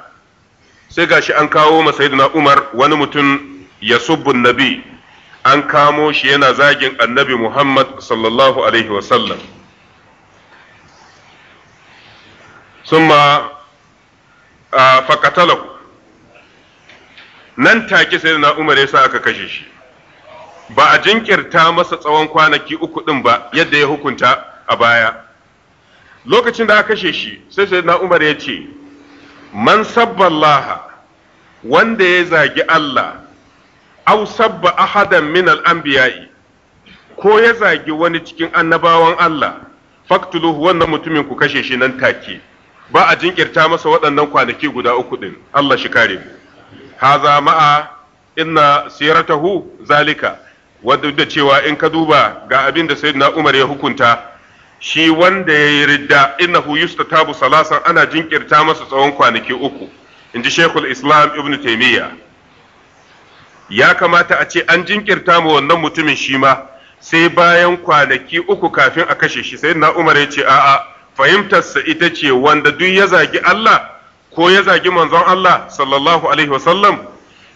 Speaker 1: sai gashi an kawo ma sayyiduna Umar wani mutum ya subbun nabi an kamo shi yana zagin annabi Muhammad sallallahu alaihi wasallam. Summa faƙatalahu nan take sai na Umar ya sa aka kashe shi. Ba a jinkirta masa tsawon kwanaki uku ɗin ba yadda ya hukunta a baya. Lokacin da aka kashe shi sai sai na Umar ya ce, Man sabballaha wanda ya zagi Allah aw sabba ahadan min al-anbiya'i ko ya zagi wani cikin annabawan Allah faktuluhu wannan mutumin ku kashe shi nan take ba a jinkirta masa waɗannan kwanaki guda uku din Allah shi kare mu haza ma'a inna siratahu zalika wadda da cewa in ka duba ga abin da sayyidina Umar ya hukunta shi wanda ya yi ridda innahu yustatabu salasan ana jinkirta masa tsawon kwanaki uku inji Sheikhul Islam Ibn Taymiyyah ya kamata a ce an jinkirta mu wannan mutumin shi ma sai bayan kwanaki uku kafin a kashe shi sai na umar ya ce a'a fahimtarsa ita ce wanda duk ya zagi Allah ko ya zagi manzon Allah sallallahu alaihi wasallam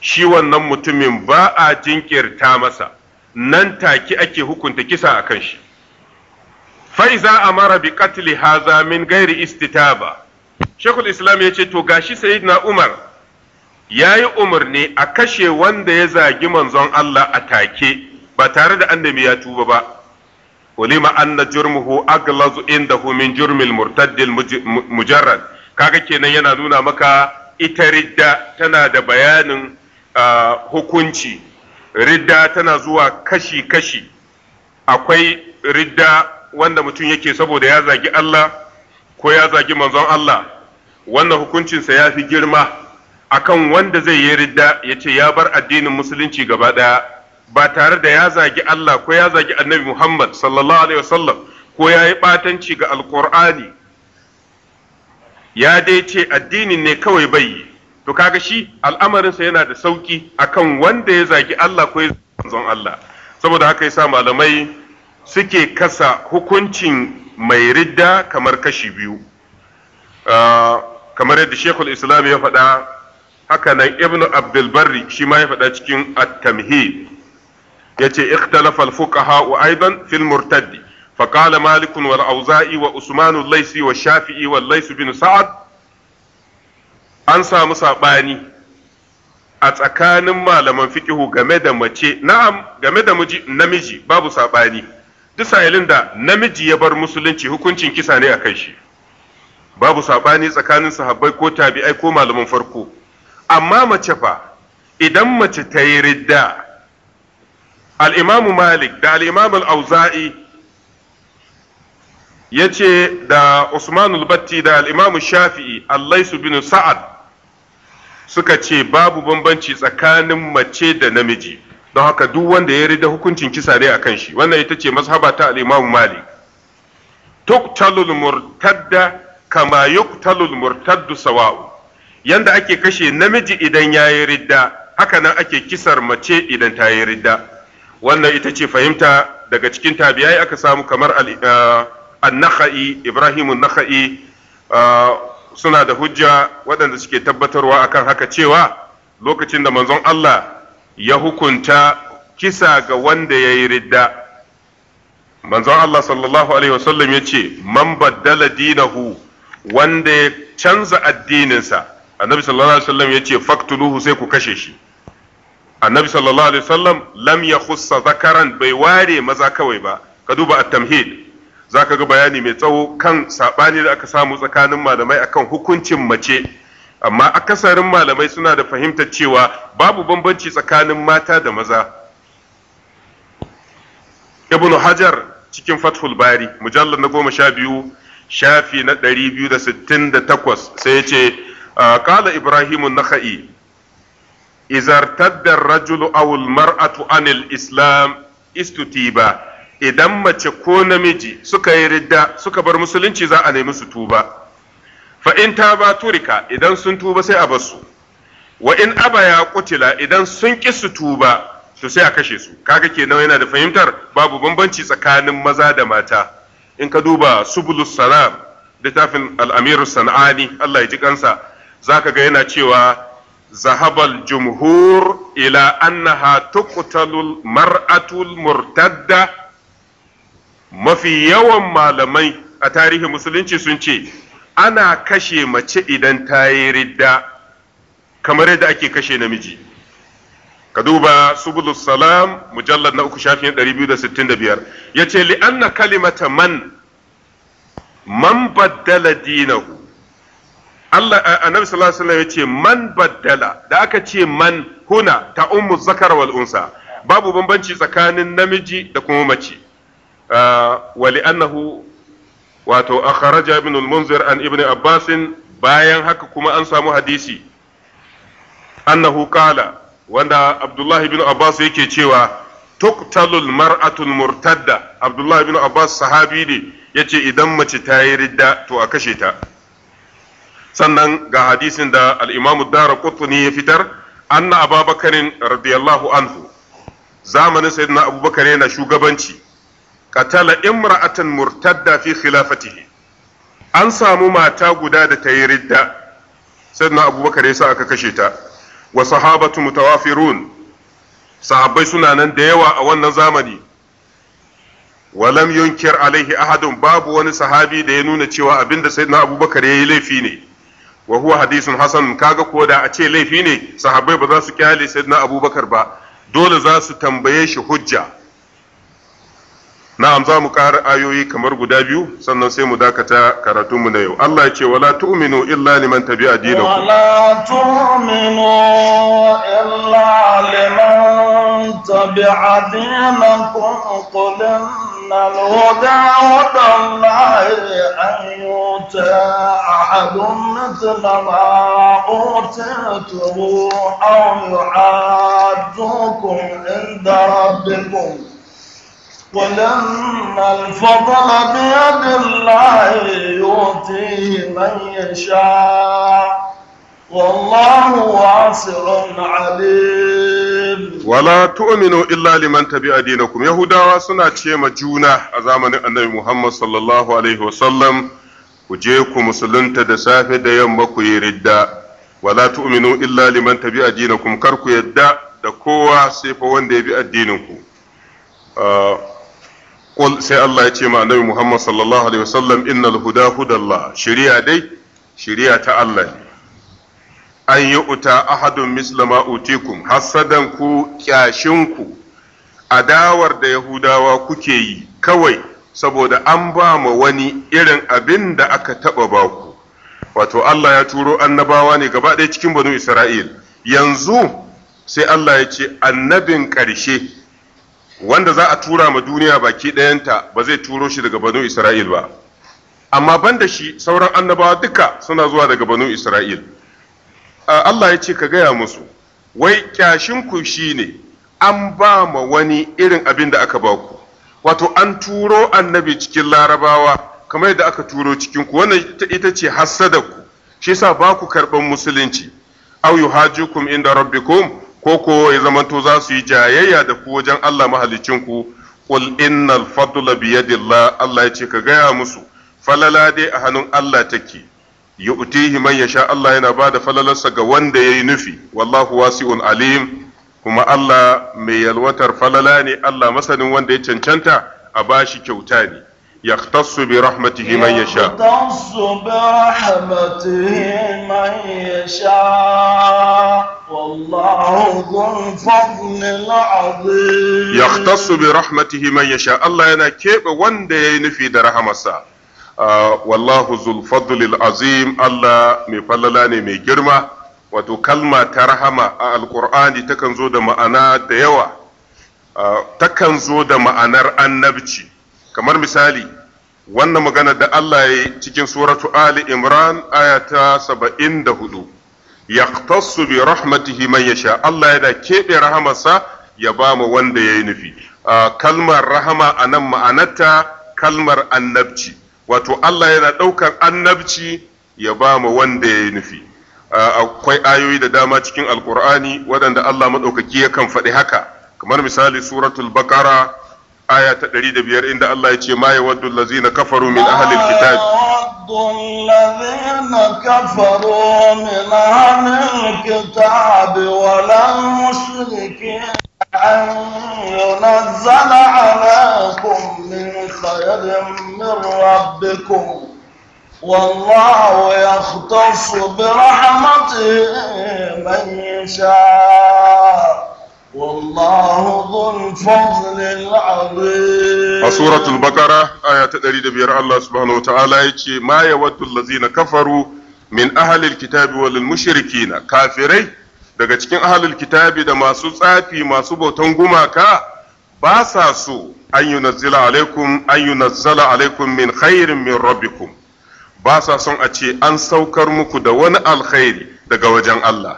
Speaker 1: shi wannan mutumin ba a jinkirta masa nan take ake hukunta kisa akan kan shi fa'iza amara bi qatli haza min gairi istitaba shekul islam ya ce to gashi sayyidina umar ya yi umarni a kashe wanda ya zagi manzon Allah a take ba tare da annabi ya tuba ba ulima anna jurmuhu aglazu indahu min jurmil murtaddil mujarrad kaga kenan yana nuna maka ita ridda tana da bayanin hukunci ridda tana zuwa kashi-kashi akwai ridda wanda mutum yake saboda ya zagi Allah ko ya zagi manzon Allah wannan hukuncinsa ya fi girma akan wanda zai yi ridda ya ce ya bar addinin musulunci gaba ɗaya ba tare da ya zagi Allah ko ya zagi annabi Muhammad sallallahu alaihi wasallam ko ya yi ɓatanci ga alkur'ani ya dai ce addinin ne kawai bai yi to kaga shi al'amarinsa yana da sauki akan wanda ya zagi Allah ko ya zon Allah saboda haka yasa malamai suke kasa hukuncin mai ridda kamar kashi biyu ah, kamar yadda shekul islam ya faɗa haka nan ibnu abdulbarri shi ma ya faɗa cikin at-tamhid ce ikhtalafa al-fuqaha wa aidan fil murtaddi فقال مالك والأوزائي wa Shafi'i والشافعي والليث bin Sa'ad. an samu saɓani a tsakanin malaman fikihu game da mace na'am game da namiji babu saɓani duk sa'ilin da namiji ya bar musulunci hukuncin kisa ne a kai shi babu saɓani tsakanin sahabbai ko tabi'ai ko malaman farko amma mace fa idan mace ta yi ridda al'imamu malik da al'imamu al'auza'i ya ce da usmanul batti da al'imamu shafi'i allaisu bin sa'ad suka ce babu bambanci tsakanin mace da namiji don haka duk wanda ya rida hukuncin kisa ne a kan shi wannan ita ce mazhaba ta al'imamu malik tuktalul murtadda kama yuktalul murtaddu sawa'u yanda ake kashe namiji idan ya yi ridda haka nan ake kisar mace idan ta yi ridda wannan ita ce fahimta daga cikin tabiyai aka samu kamar eh, annaka'i ibrahimun naka'i eh, suna da hujja waɗanda suke tabbatarwa akan haka cewa lokacin da manzon Allah ya hukunta kisa ga wanda ya yi ridda manzon Allah sallallahu alaihi wasallam ya ce man baddala dinahu wanda ya canza addininsa annabi sallallahu alaihi wasallam yace faktuluhu sai ku kashe shi annabi sallallahu alaihi wasallam lam yakhussa zakaran bai ware maza kawai ba ka duba at-tamhid zaka ga bayani mai tsawo kan sabani da aka samu tsakanin malamai akan hukuncin mace amma akasarin malamai suna da fahimtar cewa babu bambanci tsakanin mata da maza ibnu hajar cikin fathul bari mujallar na goma sha biyu shafi na ɗari biyu da sittin da takwas sai ya ce قال ibrahimu النخعي izar ارتد الرجل aw mar'atu anil islam istutiba idan mace ko namiji suka yi ridda suka bar musulunci za a nemi su tuba fa in taba turika idan sun tuba sai a basu wa in aba ya kutila idan sun ki su tuba to sai a kashe su kaga kenan yana da fahimtar babu bambanci tsakanin maza da mata in ka duba subulus salam littafin al'amiru sanani Allah ya ji kansa zaka ga yana cewa zahabal jumhur ila annaha tuqtalul mar'atul murtadda mafi yawan malamai a tarihin musulunci sun ce ana kashe mace idan ta yi ridda kamar yadda ake kashe namiji ka duba subulus salam mujallar na uku shafin ya ce li'anna kalimata man man baddala dinahu Allah eh, annabi sallallahu alaihi wasallam ya ce man baddala da aka ce man huna ta ummu zakar wal unsa babu bambanci tsakanin namiji da kuma mace eh, wa annahu wato akharaja ibn al-munzir an ibn abbas bayan haka kuma an samu hadisi annahu qala wanda abdullahi ibn abbas yake cewa tuqtalul mar'atul murtadda abdullahi ibn abbas sahabi ne yace idan mace ta yi ridda to a kashe ta sannan ga hadisin da al'imamu dara ya fitar anna ababakarin radiyallahu anhu zamanin sayyidina abubakar yana shugabanci katala imra'atan murtadda fi khilafatihi an samu mata guda da ta yi ridda sayyidina abubakar yasa aka kashe ta wa sahabatu mutawafirun sahabbai suna nan da yawa a wannan zamani walam yunkir alaihi ahadun babu wani sahabi da ya nuna cewa abinda sayyidina abubakar ya yi laifi ne wa huwa Hassan hasan kaga ko da a ce laifi ne sahabbai ba za su kyale sayyidina abubakar ba dole za su tambaye shi hujja na'am za mu ƙara ayoyi kamar guda biyu sannan sai mu dakata karatunmu na yau Allah ya ce wala tu'minu illa liman tabi'a dinakum
Speaker 2: wala tu'minu illa liman tabi'a dinakum qul innal huda huda Allah an yuta ahadun mithla ma utitum aw yu'addukum inda rabbikum ولما الفضل بيد الله يؤتيه من يشاء والله واسع عليم
Speaker 1: ولا تؤمنوا الا لمن تبع دينكم يهودا سنة ما جونا زمن النبي محمد صلى الله عليه وسلم kuje ku musulunta da safe da yamma ku yi ridda wa za ta uminu illa liman tabi addinakum kar ku yadda da kowa sai fa wanda ya bi addinin ku Ƙul sai Allah ya ce ma annabi Muhammad sallallahu alaihi wasallam innal huda hudallah shari'a dai shari'a ta Allah an yi uta ahadun mislama utikum hasadan ku kyashin ku adawar da Yahudawa kuke yi kawai saboda an ba ma wani irin abin da aka taba ba ku wato Allah ya turo annabawa ne gaba ɗaya cikin banu Isra'il yanzu sai Allah ya ce annabin ƙarshe wanda za a tura ma duniya baki ɗayanta ba zai turo shi daga banu Isra'il ba amma banda shi sauran annabawa duka suna zuwa daga banu Isra'il Allah ya ce ka gaya musu wai kyashin ku ne an ba ma wani irin abin da aka baku. wato an turo annabi cikin larabawa kamar yadda aka turo cikinku. ku wannan ita ce hassada ku shi yasa ba ku karban musulunci aw yuhajukum inda rabbikum ko ko ya zamanto za su yi jayayya da ku wajen Allah mahalicinku qul innal fadla biyadillah Allah ya ce ka gaya musu falala dai a hannun Allah take yu'tihi man yasha Allah yana bada falalarsa ga wanda yayi nufi wallahu wasi'un alim kuma Allah mai yalwatar falala ne Allah masanin wanda ya cancanta a bashi kyauta ne يختص برحمته من يشاء
Speaker 2: يختص برحمته من يشاء والله ذو الفضل العظيم
Speaker 1: يختص برحمته من يشاء الله انا كيف وندي في درهمسا آه، والله ذو الفضل العظيم الله مفللاني مجرمة وتكلمة ترهمة آه، القرآن تكن زود معنا تيوة آه، تكن زود معنا النبتي kamar misali wannan magana da Allah ya yi cikin suratu Ali Imran ayata saba'in da hudu yaqtassu bi rahmatihi man yasha Allah yana keɓe rahamarsa ya ba mu wanda ya yi nufi kalmar rahama a nan ma'anarta kalmar annabci wato Allah yana ɗaukar annabci ya ba mu wanda ya yi nufi akwai ayoyi da dama cikin alkur'ani waɗanda Allah maɗaukaki yakan faɗi haka kamar misali suratul baqara آية تدريد بير إن الله يتشي ما يود الذين كفروا من أهل الكتاب ما يود الذين كفروا من
Speaker 2: أهل الكتاب ولا المشركين أن ينزل عليكم من خير من ربكم والله يختص برحمته من يشاء والله ذو الفضل
Speaker 1: العظيم سورة البقرة آية بير الله سبحانه وتعالى يتي ما يود الذين كفروا من أهل الكتاب وللمشركين كافرين daga cikin ahalul kitabi da masu tsafi masu bautan gumaka ba sa so an yi nazzala alaikum an yi nazzala alaikum min khairin min rabbikum ba sa son a ce an saukar muku da wani alkhairi daga wajen Allah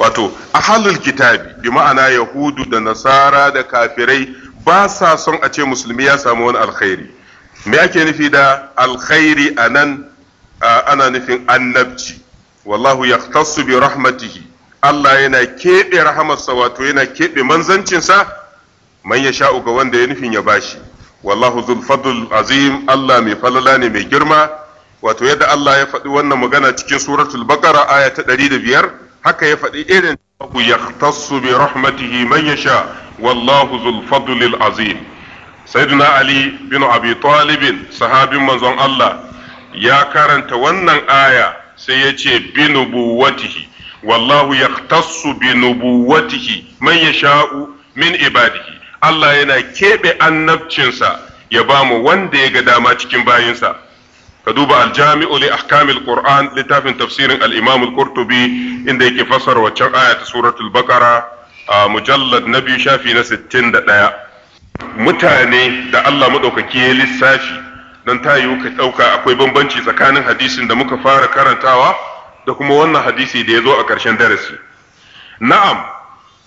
Speaker 1: wato ahalul kitabi bi ma'ana yahudu da nasara da kafirai ba sa son a ce musulmi ya samu wani alkhairi me ake nufi da alkhairi nan ana nufin annabci wallahu yahtassu bi rahmatihi Allah yana keɓe rahamarsa wato yana keɓe manzancinsa man ya sha'u ga wanda ya nufin ya bashi wallahu zul fadl azim Allah mai falala ne mai girma wato yadda Allah ya faɗi wannan magana cikin suratul baqara aya ta 105 haka ya faɗi irin yahtassu bi rahmatihi man yasha wallahu zul fadlil azim sayyidina ali bin abi talib sahabin manzon Allah ya karanta wannan aya sai ya ce bi nubuwatihi wallahu yahtassu bi nubuwatihi man yasha'u min ibadihi Allah yana keɓe annabcinsa ya ba mu wanda ya ga dama cikin bayinsa ka duba aljami'u li ahkamil qur'an littafin tafsirin al-imam inda yake fassara waccan aya ta suratul baqara a mujallad na biyu shafi na sittin da ɗaya. mutane da Allah madaukaki ya lissafi don ta yiwu ka ɗauka akwai bambanci tsakanin hadisin da muka fara karantawa da kuma wannan hadisin da ya zo a ƙarshen darasi na'am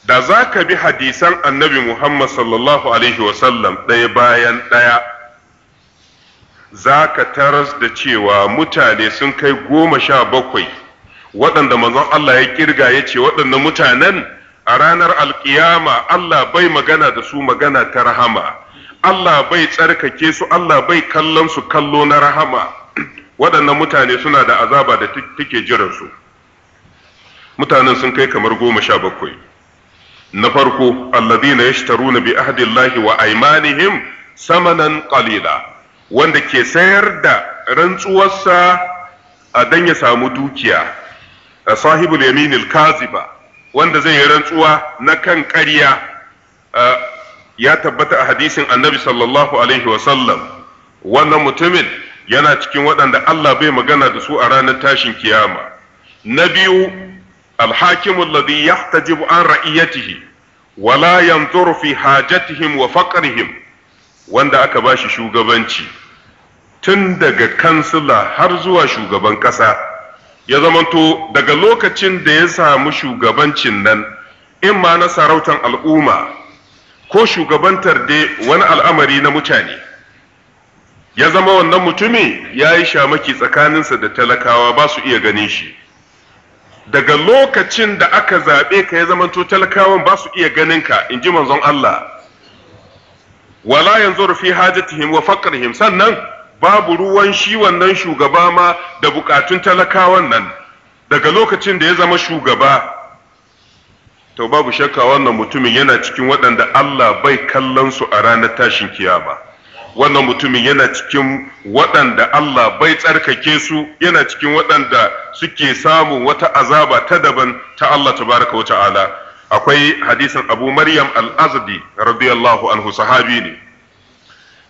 Speaker 1: da za ka bi hadisan annabi muhammad sallallahu alaihi wasallam ɗaya bayan ɗaya za ka taras da cewa mutane sun kai goma sha bakwai waɗanda manzon Allah ya kirga ya ce waɗannan mutanen a ranar alkiyama Allah bai magana da su magana ta rahama Allah bai tsarkake su Allah bai kallon su kallo na rahama (clears throat) waɗannan mutane suna da azaba da take jiransu mutanen sun kai kamar goma sha bakwai na farko allazina yashtaruna bi ahdillahi wa aymanihim samanan qalila wanda ke sayar da rantsuwarsa a dan ya samu dukiya a sahibul yaminil kaziba wanda zai yi rantsuwa na kan ƙarya ya tabbata a hadisin annabi sallallahu alaihi wasallam wannan mutumin yana cikin waɗanda Allah bai magana da su a ranar tashin kiyama na biyu alhakimul ladhi yahtajibu an ra'iyatihi wala yanzuru fi hajatihim wa faqrihim wanda aka bashi shugabanci tun daga kansila har zuwa shugaban ƙasa ya zamanto daga lokacin da ya samu shugabancin nan in ma na sarautar al'umma ko shugabantar da wani al'amari na mutane ya zama wannan mutumi ya yi shamaki tsakaninsa da talakawa ba su iya ganin shi daga lokacin da aka zaɓe ka ya zamanto talakawan ba su iya ganin ka in ji manzon Allah wala yanzu rufi hajjatihim wa faƙarhim sannan babu ruwan shi wannan shugaba ma da bukatun talakawan nan daga lokacin da ya zama shugaba to babu shakka wannan mutumin yana cikin waɗanda Allah bai kallon su a ranar tashin kiyama wannan mutumin yana cikin waɗanda Allah bai tsarkake su yana cikin waɗanda suke samun wata azaba ta daban ta Allah tabaraka wa akwai hadisin Abu Maryam al-Azdi radiyallahu anhu sahabi ne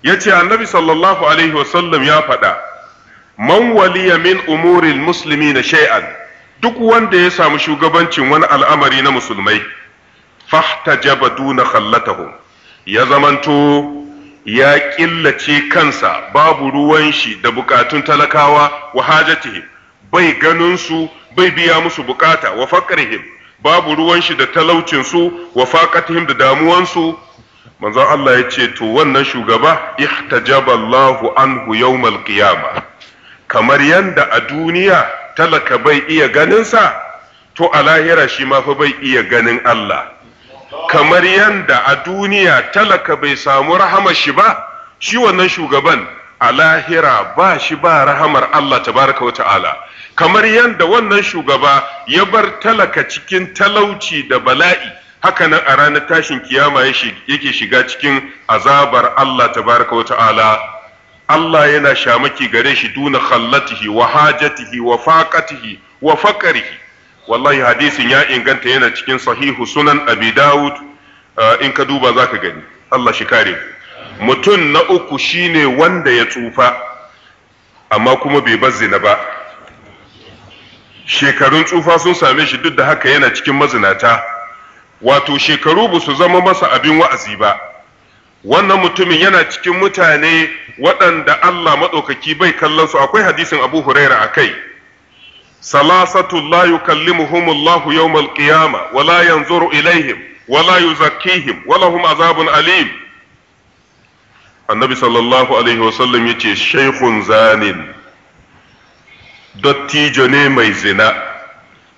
Speaker 1: ya ce annabi sallallahu alaihi wasallam ya faɗa man waliya min umuril musulmi na shay'an duk wanda ya samu shugabancin wani al'amari na musulmai fahtajaba duna khallatahum ya zamanto ya killace kansa babu ruwan shi da bukatun talakawa wa hajatihim bai ganin su bai biya musu bukata wa faqrihim babu ruwan shi da talaucin su wa faqatihim da damuwansu manzon Allah ya ce to wannan shugaba ihtajaba Allahu anhu yawmal qiyama kamar yanda a duniya talaka bai iya ganinsa to a lahira shi ma fa bai iya ganin Allah kamar yanda a duniya talaka bai samu rahamar shi ba shi wannan shugaban a lahira ba shi ba rahamar Allah tabaraka wata'ala kamar yanda wannan shugaba ya bar talaka cikin talauci da bala'i haka nan a ranar tashin kiyama yake shiga cikin azabar Allah tabaraka wa ta'ala Allah yana shamaki gare shi duna khallatihi wa hajatihi wa faqatihi wa faqarihi wallahi hadisin ya inganta yana cikin sahihu sunan abi daud eh, in ka duba zaka gani Allah shi kare mutum na uku shine wanda ya tsufa amma kuma bai bar zina ba shekarun tsufa sun same shi duk da haka yana cikin mazinata wato shekaru ba su zama masa abin wa'azi ba wannan mutumin yana cikin mutane waɗanda Allah maɗaukaki bai kallon su akwai hadisin Abu Huraira a kai salasatu la yukallimuhum Allahu yawmal qiyama wa yanzuru ilaihim wa la yuzakkihim Wala lahum azabun alim annabi sallallahu alaihi wasallam yace shaykhun zanin dattijo ne mai zina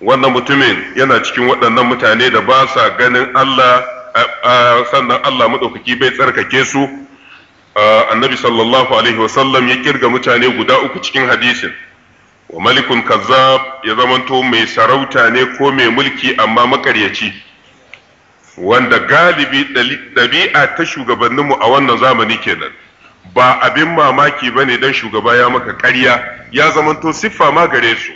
Speaker 1: wannan mutumin yana cikin waɗannan mutane da ba sa ganin Allah sannan Allah maɗaukaki bai tsarkake su annabi sallallahu alaihi wasallam ya kirga mutane guda uku cikin hadisin wa malikun kazzab ya zamanto mai sarauta ne ko mai mulki amma makaryaci wanda galibi ɗabi'a ta shugabanninmu a wannan zamani kenan ba abin mamaki ba ne don shugaba ya maka ƙarya ya zamanto siffa ma gare su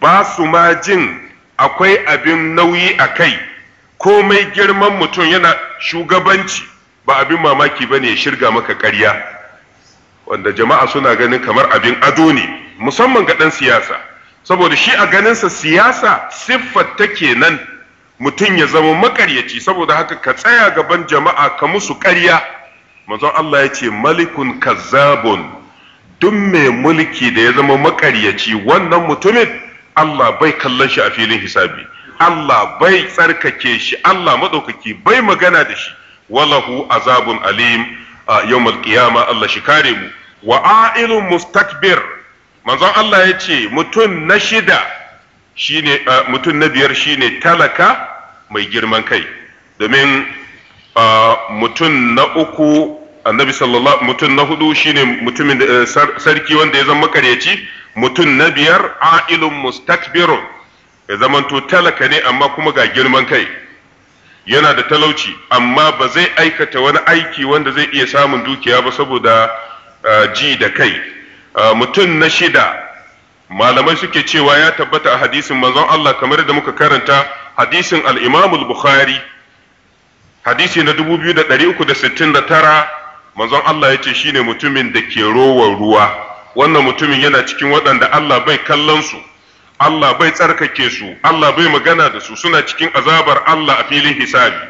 Speaker 1: ba su ma jin akwai abin nauyi a kai komai girman mutum yana shugabanci ba abin mamaki ba ne shirga maka karya. wanda jama'a suna ganin kamar abin ado ne musamman ga ɗan siyasa saboda shi a ganinsa siyasa siffar take nan, mutum ya zama makaryaci saboda haka ka tsaya gaban jama'a ka musu karya. manzon Allah ya ce malikun kazzabun duk mai mulki da ya zama makaryaci wannan mutumin Allah bai kallon shi a filin hisabi Allah bai tsarkake shi Allah maɗaukaki, bai magana da shi walahu azabun alim yawmal qiyama Allah shi kare mu wa a'ilun mustakbir manzon Allah ya ce mutum na shida shine mutum na biyar shine talaka mai girman kai domin mutum na uku annabi sallallahu mutum na hudu shine mutumin eh, sarki wanda ya zama makaryaci mutum na biyar a'ilun mustakbirun ya zamanto talaka ne amma kuma ga girman kai yana da talauci amma ba zai aikata wani aiki wanda zai iya samun dukiya ba saboda ji da kai mutum na shida malamai suke cewa ya tabbata a hadisin manzon Allah kamar da muka karanta hadisin Al'imamul bukhari hadisi na 2369 manzon Allah ya ce shine mutumin da ke rowa ruwa wannan mutumin yana cikin waɗanda Allah bai kallon su Allah bai tsarkake su Allah bai magana da su suna cikin azabar Allah a filin hisabi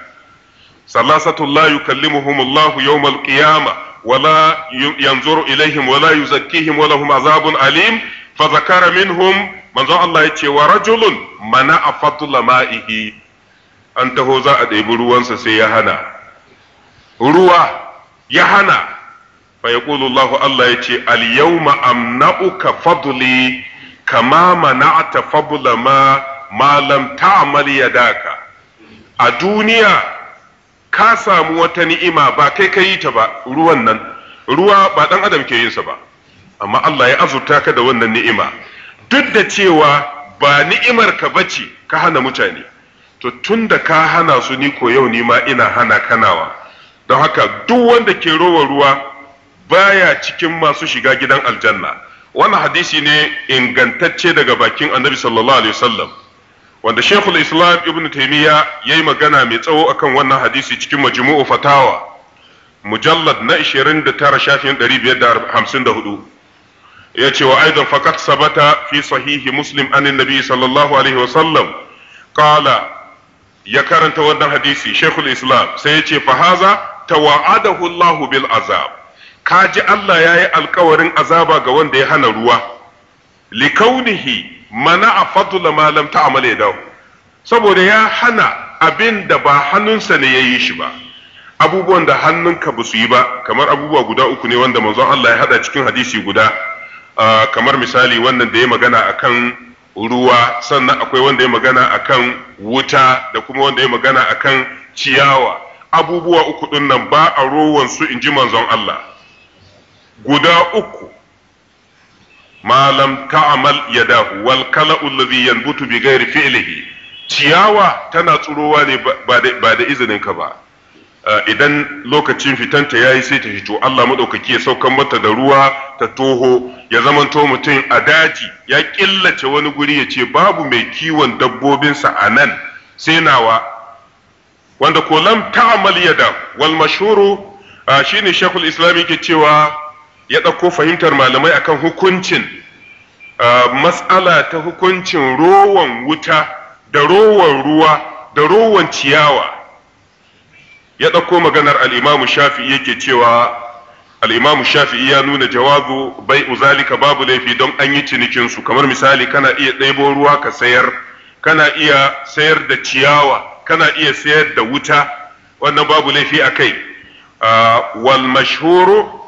Speaker 1: salasatun la yukallimuhum Allah yawmal qiyama wala yanzuru ilaihim wala yuzakkihim wala hum azabun alim fa zakara minhum manzo Allah ya ce wa rajulun mana afadla ma'ihi an taho za a ɗebi ruwansa sai ya hana ruwa ya hana fa yaqulu Allah Allah yace al yawma amna'uka fadli kama mana'ta fadla ma ma lam ta'mal yadaka a duniya ka samu wata ni'ima ba kai kai ta ba ruwan nan ruwa ba ɗan adam ke yinsa ba amma Allah ya azurta ka da wannan ni'ima duk da cewa ba ni'imar ka bace ka hana mutane to tunda ka hana su ni ko yau ni ma ina hana kanawa don haka duk wanda ke rowa ruwa baya cikin masu shiga gidan aljanna wannan hadisi ne ingantacce daga bakin annabi sallallahu alaihi wasallam wanda shekul islam ibn taimiyya ya yi magana mai tsawo akan wannan hadisi cikin majmu'u fatawa mujallad na 29 shafin 554 ya ce wa aidan faqad sabata fi sahihi muslim anin nabi sallallahu alaihi wasallam qala ya karanta wannan hadisi shekul islam sai ya ce fa haza tawa'adahu allah bil azab ka ji Allah ya yi alkawarin azaba ga wanda ya hana ruwa likaunihi mana a fadula malam ta amale dawo saboda ya hana abin da ba hannunsa ne ya yi shi ba abubuwan da hannunka ba su yi ba kamar abubuwa guda uku ne wanda manzon Allah ya hada cikin hadisi guda ah, kamar misali wannan da ya magana a kan ruwa sannan akwai wanda ya magana a kan wuta da kuma wanda ya magana a kan ciyawa abubuwa uku ɗin nan ba a rowansu in ji manzon Allah guda uku malam ta'amal yadahu wal kala allazi yanbutu bi ghairi fi'lihi ciyawa tana tsurowa ne ba da izinin ka ba eh, idan lokacin fitanta yayi sai ta fito Allah madaukaki ya saukan mata da ruwa ta toho ya zamanto mutum a daji ya killace wani guri ya ce babu mai kiwon dabbobinsa a nan sai nawa wanda ko lam ta'amal yadahu wal mashhuru eh, shine shekul islami ke cewa ya ɗauko fahimtar malamai akan hukuncin matsala ta hukuncin rowan wuta da rowan ruwa da rowan ciyawa ya ɗauko maganar al'imamu shafi'i yake cewa al'imamu shafi'i ya nuna jawabu, bai uzalika babu laifi don an yi cinikinsu kamar misali kana iya ɗaibo ruwa ka sayar kana iya sayar da ciyawa kana iya sayar da wuta wannan babu laifi a kai wal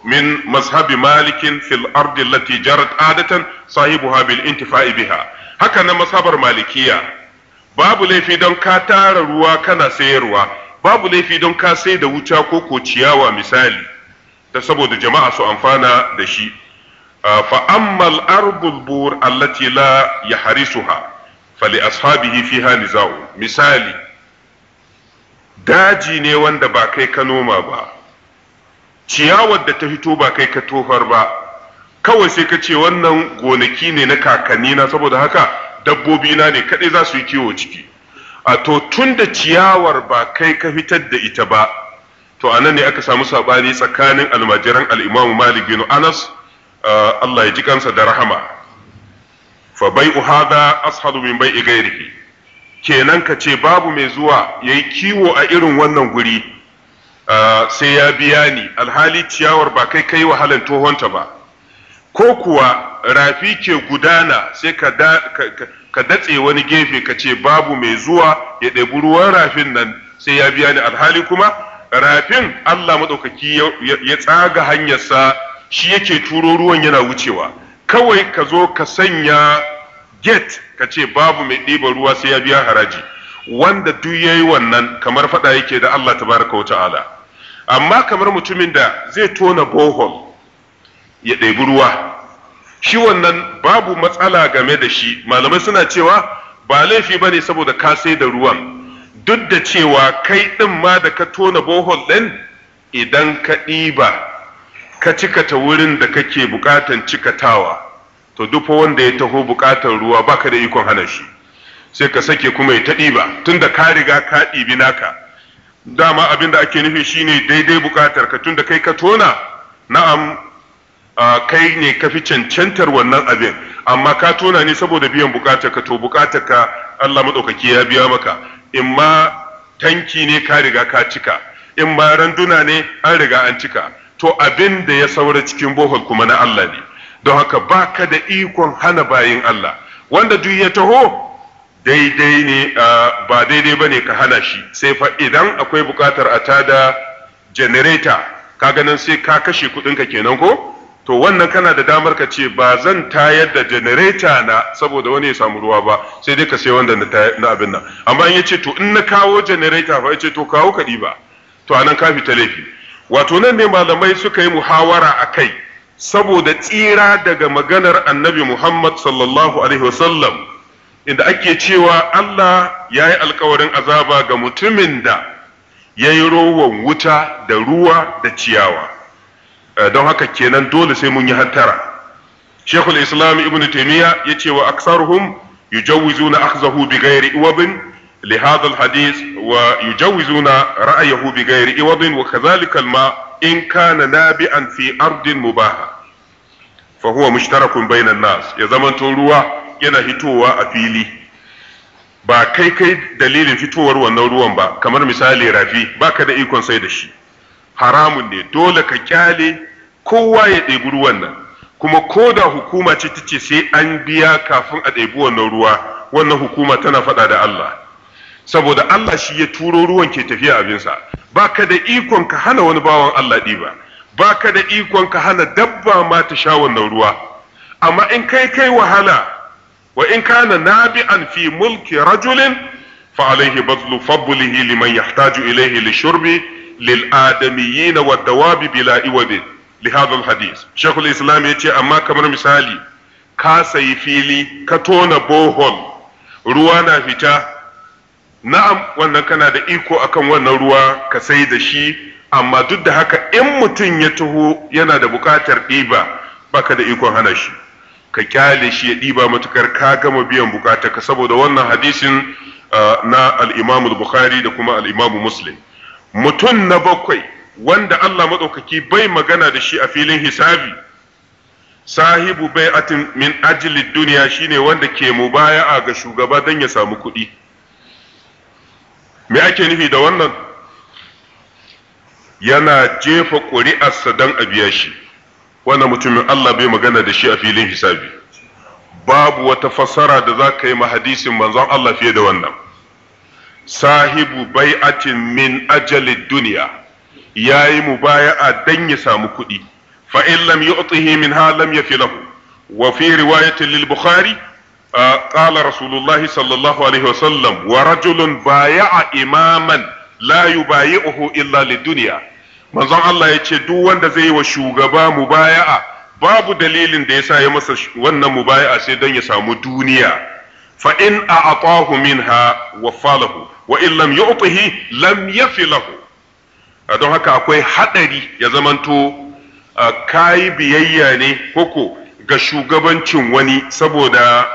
Speaker 1: min mazhabi malikin fil ardi allati jarat adatan sahibuha bil intifa'i biha haka na masabar malikiya babu laifi don ka tara ruwa kana sayarwa babu laifi don ka sai da wuta ko ko misali ta saboda jama'a su amfana da shi ah, fa ammal ardul bur allati la yahrisuha fali ashabihi fiha nizau misali daji ne wanda ba kai ka noma ba ciyawar da ta fito ba kai ka tofar ba kawai sai ka ce wannan gonaki ne na kakanni na saboda haka dabbobi na ne kaɗai za su yi kiwo ciki a to tun da ciyawar ba kai ka fitar da ita ba to anan ne aka samu saɓani tsakanin almajiran al'imamu Malik bin Anas Allah ya ji kansa da rahama fa bai uhada ashadu min bai'i rike. kenan ka ce babu mai zuwa yayi kiwo a irin wannan guri Ah, sai ya biya ni alhali ciyawar ba kai kai wahalar tohonta ba ko kuwa rafi ke gudana sai ka datse wani gefe ka ce babu mai zuwa ya ɗebi ruwan rafin nan sai ya biya ni alhali kuma rafin Allah maɗaukaki ya tsaga hanyarsa shi yake turo ruwan yana wucewa kawai ka zo ka sanya get ka ce babu mai ɗiba ruwa sai ya biya haraji wanda duk yi wannan kamar faɗa yake da Allah tabaraka wa ta'ala amma kamar mutumin da zai tona bohol ya ɗebi ruwa shi wannan babu matsala game da shi malamai suna cewa ba laifi ba ne saboda ka sai da ruwan duk da cewa kai ɗin ma da ka tona bohol ɗin idan ka ɗiba ka cika ta wurin da kake buƙatan cikatawa to duk wanda ya taho buƙatan ruwa baka da ikon hana shi sai ka sake kuma ya ta ɗiba tun da ka riga ka ɗibi naka dama abin da ake nufi shine daidai bukatar ka tunda kai ka tona na'am kai ne ka fi cancantar wannan abin amma ka tona ne saboda biyan bukatar ka to bukatar ka Allah maɗaukaki ya biya maka in ma tanki ne ka riga ka cika in ma randuna ne an riga an cika to abin da ya saura cikin bohol kuma na Allah ne don haka baka da ikon hana bayin Allah wanda duk ya taho daidai ne ba daidai ba ne ka hana shi sai fa idan akwai buƙatar a tada janareta ka ganin sai ka kashe kuɗinka kenan ko to wannan kana da damar ka ce ba zan tayar da janareta na saboda wani ya samu ruwa ba sai dai ka sai wanda na abin nan amma in yace to in na kawo janareta fa yace to kawo kaɗi ba to anan ka fita laifi wato nan ne malamai suka yi muhawara a kai saboda tsira daga maganar annabi Muhammad sallallahu alaihi wasallam inda ake cewa Allah ya yi alkawarin azaba ga mutumin da ya yi rowan wuta da ruwa da ciyawa eh, don haka kenan dole sai mun yi hattara shekul islam ibn taimiyya ya ce wa aksaruhum yujawizuna akhzahu bi ghairi iwabin li hadha al hadith wa yujawizuna ra'ayahu bi ghairi iwabin wa kadhalika ma in kana nabi'an fi ardin mubaha fa huwa mushtarakun bainan nas ya zamanto ruwa yana hitowa a fili ba kai kai dalilin fitowar wannan ruwan ba kamar misali rafi ba ka da ikon sai da shi haramun ne dole ka kyale kowa ya ɗebi ruwan nan kuma ko da hukuma ce ta ce sai an biya kafin a ɗebi wannan ruwa wannan hukuma tana faɗa da Allah saboda Allah shi ya turo ruwan ke tafiya abinsa ba ka da ikon ka hana wani bawan Allah ɗiba ba ka da ikon ka hana dabba ma ta sha wannan ruwa amma in kai kai wahala wa in kana nabi'an fi mulki rajulin fa alaihi bazlu fadlihi liman yahtaju ilaihi lishurbi lil adamiyyin wad dawabi bila iwadi li hadha al hadith shaykhul islam amma kamar misali ka sayi fili ka tona bohol ruwa na fita na'am wannan kana da iko akan wannan ruwa ka sai da shi amma duk da haka in mutum ya taho yana da bukatar ɗiba ka da ikon hana shi ka kyale shi ya ɗiba matukar ka gama biyan bukatarka saboda wannan hadisin uh, na al'imamu bukhari da kuma al'imamu muslim mutum na bakwai wanda Allah maɗaukaki bai magana da shi a filin hisabi sahibu bai min ajilid duniya shine wanda ke mu baya a ga shugaba don ya samu kuɗi me ake nufi da wannan yana jefa ƙuri'arsa don a biya shi wannan mutumin Allah bai magana da shi a filin hisabi babu wata fassara da za ka yi ma hadisin manzon Allah fiye da wannan sahibu bai'atin min ajali duniya ya yi mubaya'a dan ya samu kuɗi fa in lam yu'tihi min ha lam yafi lahu wa fi riwayatin lil bukhari ƙala rasulullahi sallallahu alaihi wa sallam wa rajulun baya'a imaman la yubayi'uhu illa lid duniya. manzon Allah ya ce duk wanda zai yi wa shugaba mubaya'a babu dalilin da ya sa ya masa wannan mubaya'a sai don ya samu duniya fa in a'atahu minha falahu wa in lam yu'tihi lam yafi lahu don haka akwai hadari ya zamanto kayi biyayya ne koko ga shugabancin wani saboda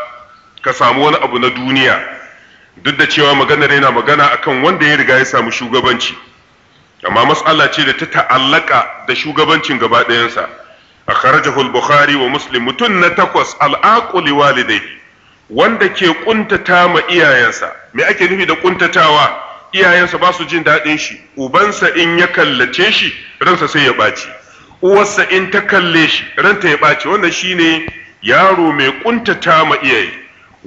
Speaker 1: ka samu wani abu na duniya duk da cewa maganar yana magana akan wanda ya riga ya samu shugabanci amma mas'ala ce da ta ta'allaka da shugabancin gaba ɗayansa akhrajahu al-bukhari wa muslim mutum na takwas al walidai wanda ke kuntata ma iyayensa me ake nufi da ƙuntatawa? iyayensa ba su jin daɗin shi ubansa in ya kallace shi ransa sai ya ɓaci uwarsa in ta kalle shi ranta ya ɓaci wannan shine yaro mai ƙuntata ma iyaye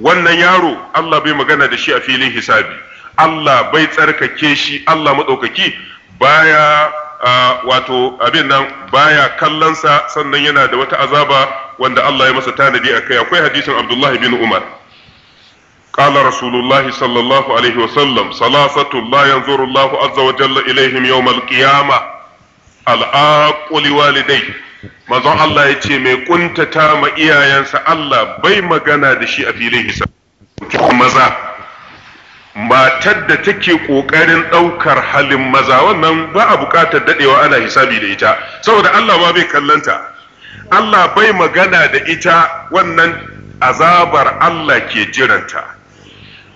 Speaker 1: wannan yaro Allah bai magana da shi a filin hisabi Allah bai tsarkake shi Allah maɗaukaki baya wato abin nan baya kallonsa sannan yana da wata azaba wanda Allah ya masa tanadi a kai akwai hadisin Abdullahi bin Umar قال رسول الله صلى الله عليه وسلم ثلاثة لا ينظر الله عز وجل إليهم يوم القيامة الآق manzon Allah ya ce mai kuntata ma iyayensa Allah bai magana da shi a filin hisa maza matar da take ƙoƙarin ɗaukar halin maza wannan ba a buƙatar daɗewa ana hisabi da ita saboda Allah ma bai kallanta Allah bai magana da ita wannan azabar Allah ke jiranta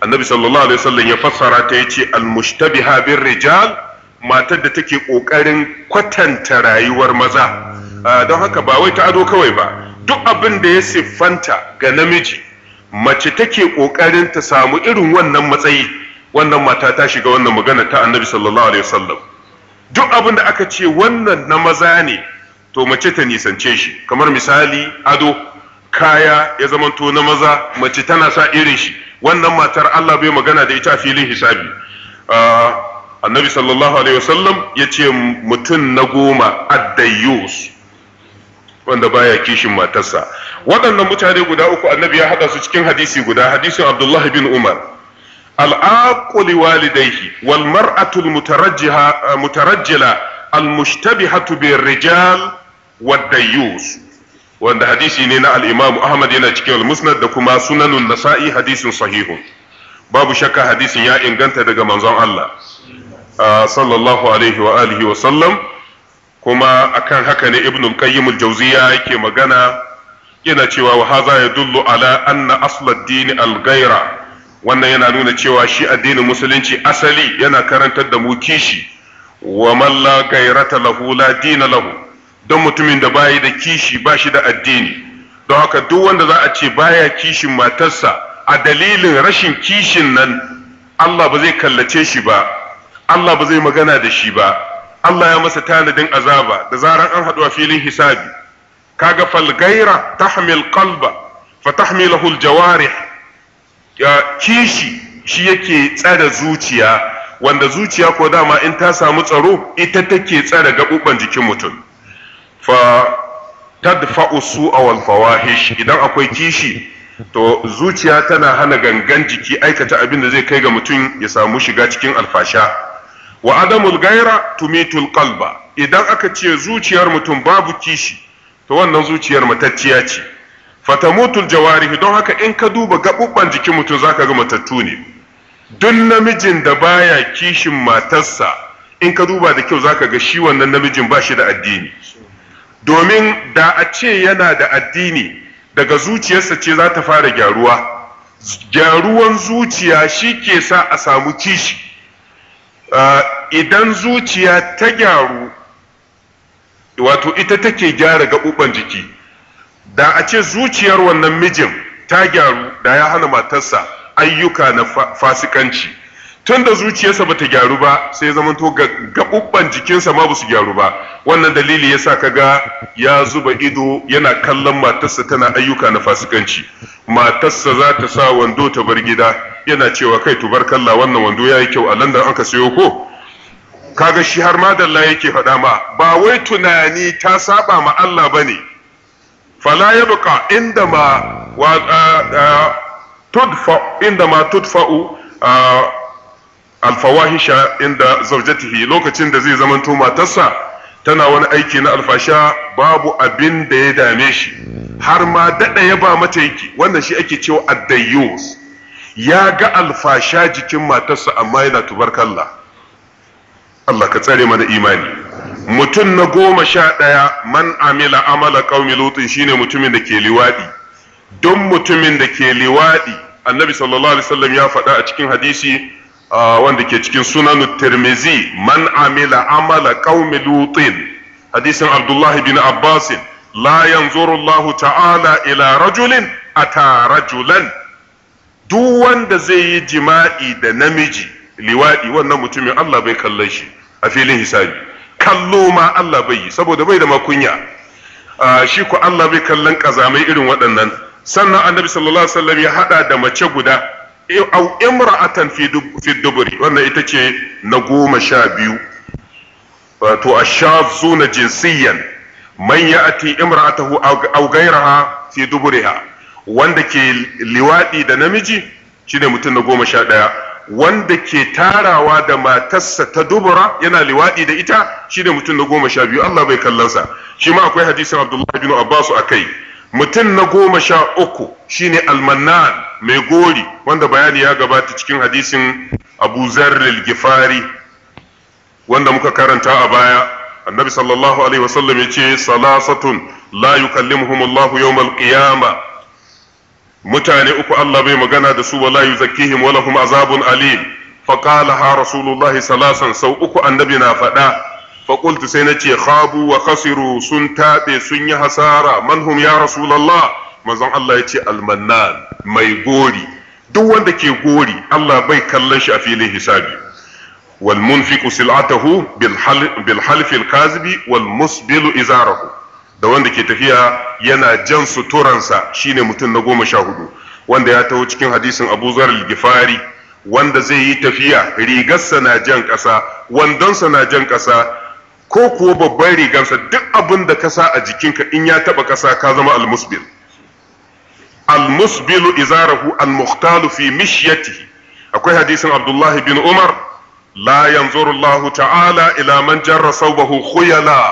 Speaker 1: annabi sallallahu alaihi wasallam ya fassara ta yace al-mushtabiha bir rijal matar da take ƙoƙarin kwatanta rayuwar maza ah, don haka ba wai ta ado kawai ba duk abin da ya siffanta ga namiji mace take kokarin ta samu irin wannan matsayi wannan mata ta shiga wannan magana ta annabi sallallahu alaihi wasallam duk abin da aka ce wannan na maza ne to mace ta nisance shi kamar misali ado kaya ya zamanto na maza mace tana sa irin shi wannan matar Allah bai magana da ita a filin hisabi ah, annabi sallallahu alaihi wasallam ya ce mutum na goma addayus wanda baya kishin matarsa waɗannan mutane guda uku annabi ya haɗa su cikin hadisi guda hadisin abdullahi bin umar al'aqu liwalidayhi wal mar'atu al eh, mutarajjila al mushtabihatu bir rijal wad dayyus wanda hadisi ne na al imam ahmad yana cikin al musnad da kuma sunanun nasa'i hadisin sahihun babu shakka hadisin ya inganta daga manzon Allah eh, sallallahu alaihi wa alihi wa sallam kuma akan haka ne ibn qayyim al-jawziya yake magana yana cewa wa hadha yadullu ala anna asl ad-din al-ghayra wannan yana nuna cewa shi addinin musulunci asali yana karantar da mu kishi wa man la ghayrata lahu la dina lahu don mutumin da bayi da kishi ba shi da addini don haka duk wanda za a ce baya kishin matarsa a dalilin rashin kishin nan Allah ba zai kallace shi ba Allah ba zai magana da shi ba Allah ya masa tanadin azaba da zaran an haɗu a filin hisabi kaga falgaira tahmil qalba fa tahmilahu aljawarih ya kishi shi yake tsare zuciya wanda zuciya ko dama in ta samu tsaro ita take tsare gaɓuɓɓan jikin mutum fa tadfa'u su'a wal fawahish idan akwai kishi to zuciya tana hana gangan jiki aikata abin da zai kai ga mutum ya samu shiga cikin alfasha wa adamul gaira tumitul qalba idan aka ce zuciyar mutum babu kishi to wannan zuciyar matacciya ce fatamutul jawarihi don haka in ka duba gabubban jikin mutum zaka ga matattu ne duk namijin da baya kishin matarsa in ka duba da kyau zaka ga shi wannan namijin ba shi da addini domin da a ce yana da addini daga zuciyarsa ce za ta fara gyaruwa gyaruwan zuciya shi ke sa a samu kishi Eh, idan zuciya ta gyaru wato ita take gyara gaɓuɓan jiki da a ce zuciyar wannan mijin ta gyaru da ya hana matarsa ayyuka na fasikanci tun da zuciyarsa bata gyaru ba sai ya zamanto gaɓuɓɓan jikinsa ma ba su gyaru ba wannan dalili yasa ga ya zuba ido yana kallon matarsa tana ayyuka na fasikanci matarsa za ta sa wando ta bar gida yana cewa kai tubarkalla wannan wando yi kyau a landan an ka sayo ko kaga shi har ma la yake faɗa ma ba wai tunani ta saba ma Allah bane fala yabqa inda ma wa tudfa inda ma alfawahisha inda zaujatihi lokacin da zai zamanto matarsa tana wani aiki na alfasha babu abin da ya dame shi har ma daɗa ya ba mata yake wannan shi ake cewa addayus ya ga alfasha jikin matarsa amma yana tubarkalla Allah ka tsare mana imani mutum na goma sha ɗaya man amila amala qaumi lutin shine mutumin da ke liwaɗi don mutumin da ke liwaɗi annabi sallallahu alaihi wasallam ya faɗa a cikin hadisi wanda ke cikin sunan tirmizi man amila amala qaumi lutin hadisin abdullahi bin abbas la yanzuru allah ta'ala ila rajulin ata rajulan duk wanda zai yi jima'i da namiji liwadi wannan mutumin Allah bai kalle shi a filin hisabi kallo ma Allah bai yi saboda bai da makunya shi ko Allah bai kallon kazamai irin waɗannan sannan annabi sallallahu alaihi wasallam ya hada da mace guda au imra'atan fi duburi wannan ita ce na goma sha biyu wato ashafzu na jinsiyan man ya'ti imra'atahu aw ghayraha fi duburiha wanda ke liwadi da namiji shine mutum na goma sha ɗaya wanda ke tarawa da matarsa ta dubura yana liwadi da ita shine mutum na goma sha biyu Allah bai kallansa shi ma akwai hadisin Abdullahi bin Abbas akai mutum na goma sha uku shine almannan mai gori wanda bayani ya gabata cikin hadisin abu zarril gifari wanda muka karanta a baya annabi sallallahu alaihi wasallam ya ce salasatun la yukallimuhumullahu yawmal qiyama mutane uku Allah bai magana da su wala yuzakkihim wa lahum azabun alim Fakala ha rasulullahi salasan sau uku annabi na faɗa faƙultu sai na ce khabu wa khasiru sun taɓe sun yi hasara manhum ya rasulallah manzon Allah yace ce mai gori duk wanda ke gori Allah bai kallon shi a filin hisabi wal munfiqu sil'atahu bil halfi al kazibi wal musbilu izarahu da wanda ke tafiya yana jan suturansa shine mutum na goma sha hudu wanda ya taho cikin hadisin Abu Zar al-Gifari wanda zai yi tafiya rigarsa na jan ƙasa wandonsa na jan ƙasa ko kuwa babban rigarsa duk abin da ka sa a jikinka in ya taba kasa ka zama almusbil almusbilu izarahu almuhtalu fi mishyatihi akwai hadisin abdullahi bin umar la yanzuru allah ta'ala ila man jarra sawbahu khuyala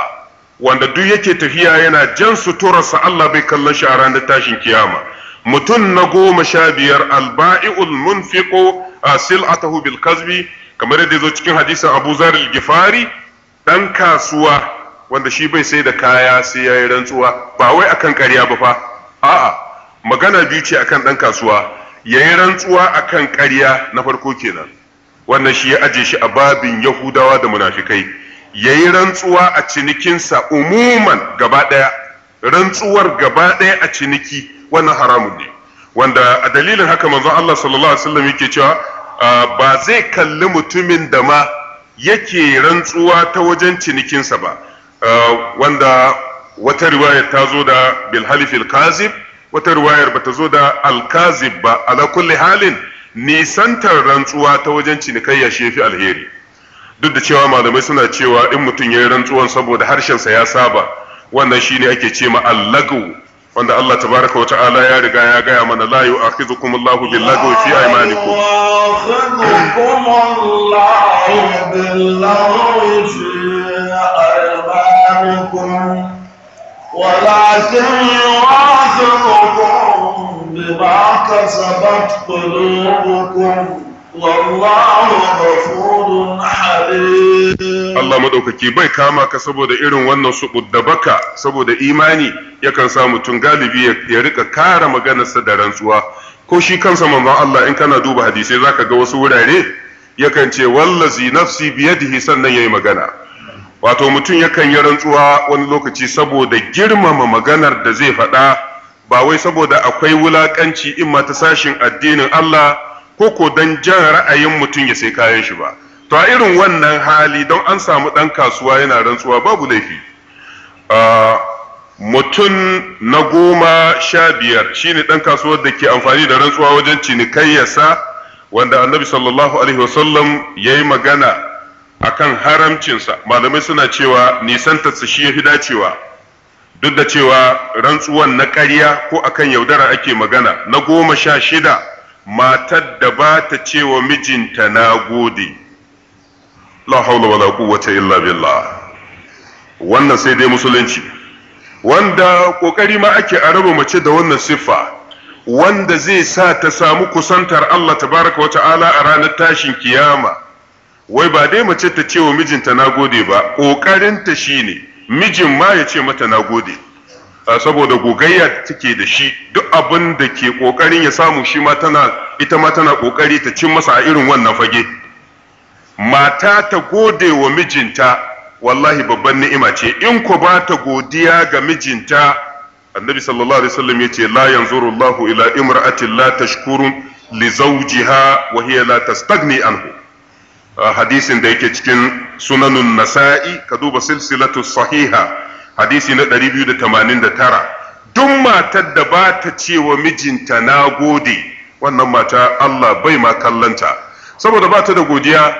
Speaker 1: wanda duk yake tafiya yana jan suturarsa Allah bai kallon shi a ranar tashin kiyama mutum na goma sha biyar alba'i'ul munfiqu sil'atahu bil kazbi kamar yadda zo cikin hadisin Abu Zar al-Gifari ɗan kasuwa wanda shi bai sai da kaya sai ya yi rantsuwa ba wai akan ƙarya ba fa a'a magana biyu ce akan ɗan kasuwa ya yi rantsuwa kan ƙarya na farko kenan wannan shi ya aje shi a babin yahudawa da munafikai ya yi rantsuwa a cinikinsa umuman gaba ɗaya rantsuwar gaba ɗaya a ciniki wannan haramun ne wanda a dalilin haka manzon Allah sallallahu alaihi wasallam yake cewa ah, ba zai kalli mutumin da ma yake rantsuwa ta wajen cinikinsa ba uh, wanda wata riwayar ta zo da bilhalifil kazib wata riwayar ba ta zo da alkazib ba ala kulli halin nisantar rantsuwa ta wajen cinikayya shi fi alheri duk da cewa malamai suna cewa in mutum ya yi rantsuwan saboda harshensa ya saba wannan shine ake ce ma allagu wanda Allah tabaraka wa ta'ala ya riga ya gaya mana la yu'akhidhukum Allahu billahi fi aymanikum
Speaker 2: yu'akhidhukum Allahu billahi fi aymanikum ولكن يعاقبكم بما كسبت قلوبكم Allah
Speaker 1: maɗaukaki bai kama ka saboda irin wannan su baka saboda imani yakan sa mutum galibi ya rika kara maganarsa da rantsuwa ko shi kansa manzon Allah in kana duba hadisai zaka ga wasu wurare yakan ce wallazi nafsi biyadihi sannan yayi magana wato mutum yakan yi rantsuwa wani lokaci saboda girmama maganar da zai faɗa ba wai saboda akwai wulakanci in ma ta sashin addinin Allah ko ko don jan ra'ayin mutum ya sai kayan shi ba to a irin wannan hali don an samu ɗan kasuwa yana rantsuwa babu laifi mutum na goma sha biyar shine ɗan kasuwar da ke amfani da rantsuwa wajen cinikayyarsa wanda annabi sallallahu alaihi wasallam ya yi magana a kan haramcinsa malamai suna cewa nisan shi ya dacewa duk da cewa rantsuwan na ƙarya ko akan yaudara ake magana na goma sha shida matar da ba ta ce wa mijinta na gode la haula wala quwwata illa billah wannan sai dai musulunci wanda ƙoƙari ma ake a raba mace da wannan siffa wanda zai sa ta samu kusantar Allah tabaraka wa ta'ala a ranar tashin kiyama wai ba dai mace ta ce wa mijinta na gode ba ƙoƙarinta shine mijin ma ya ce mata na gode saboda gogayya take da shi duk abin da ke kokarin ya samu shi ma tana ita ma tana kokari ta cin masa a irin wannan fage mata ta gode wa mijinta wallahi babban ni'ima ce in ku ba ta godiya ga mijinta annabi sallallahu alaihi wasallam yace la yanzuru Allahu ila imra'atin la tashkuru li zawjiha wa hiya la tastagni anhu hadisin da yake cikin sunanun nasa'i ka duba silsilatu sahiha hadisi na 289 duk matar da ba ta ce wa mijinta na gode wannan mata Allah bai ma kallanta saboda ba ta da godiya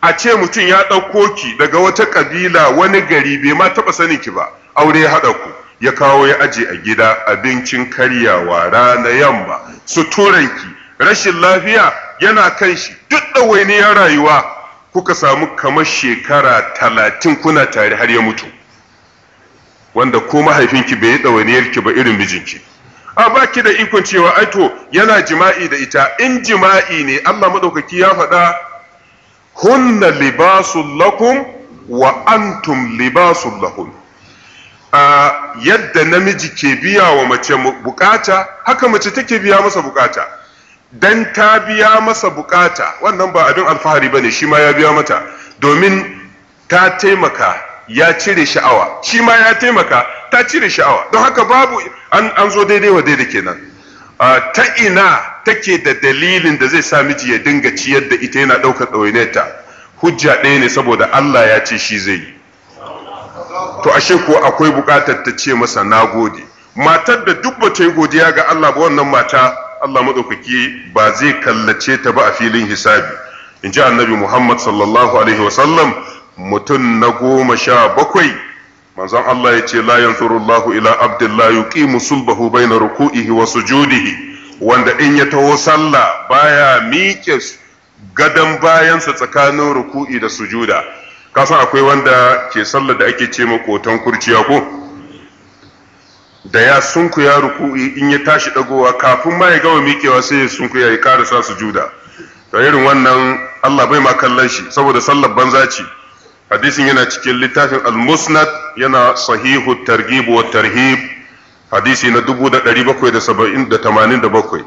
Speaker 1: a ce mutum ya ɗauko ki daga wata ƙabila wani gari bai ma taɓa sanin ki ba aure ya haɗa ku ya kawo ya aje a gida abincin karyawa rana yamma suturanki rashin lafiya yana kan shi duk ɗawainiyar rayuwa kuka samu kamar shekara talatin kuna tare har ya mutu wanda ko mahaifinki bai yi ɗawainiyarki ba irin mijinki a ba ki da ikon cewa aito yana jima'i da ita in jima'i ne Allah maɗaukaki ya faɗa hunna libasun lakum wa antum libasun lahun a yadda namiji ke biya wa mace bukata haka mace take biya masa bukata dan ta biya masa bukata wannan ba abin alfahari ba ne shi ma ya biya mata domin ta taimaka ya cire sha'awa shi ma ya taimaka ta cire sha'awa don haka babu an zo daidai wa daidai kenan ta ina take da dalilin da zai sa miji ya dinga ciyar da ita yana ɗaukar ɗawainiyarta hujja ɗaya ne saboda Allah ya ce shi zai yi to ashe ko akwai buƙatar ta ce masa na gode matar da duk ba ta yi godiya ga Allah ba wannan mata Allah maɗaukaki ba zai kallace ta ba a filin hisabi in ji annabi Muhammad sallallahu alaihi wasallam mutum na goma sha bakwai manzon Allah ya ce la lahu ila abdillahi ki sulbahu baina ruku'ihi wasu judihi wanda in ya taho sallah baya miƙe gadon bayansa tsakanin ruku'i da sujuda kasan akwai wanda ke sallah da ake ce makotan kurciya ko da ya sunkuya ruku'i in ya tashi dagowa kafin ma ya gama miƙewa sai ya sunkuya ya karasa sujuda da irin wannan Allah bai ma kallon shi saboda sallar banza ce hadisin yana cikin littafin al-musnad yana sahihu targhib wa tarhib hadisi na 1787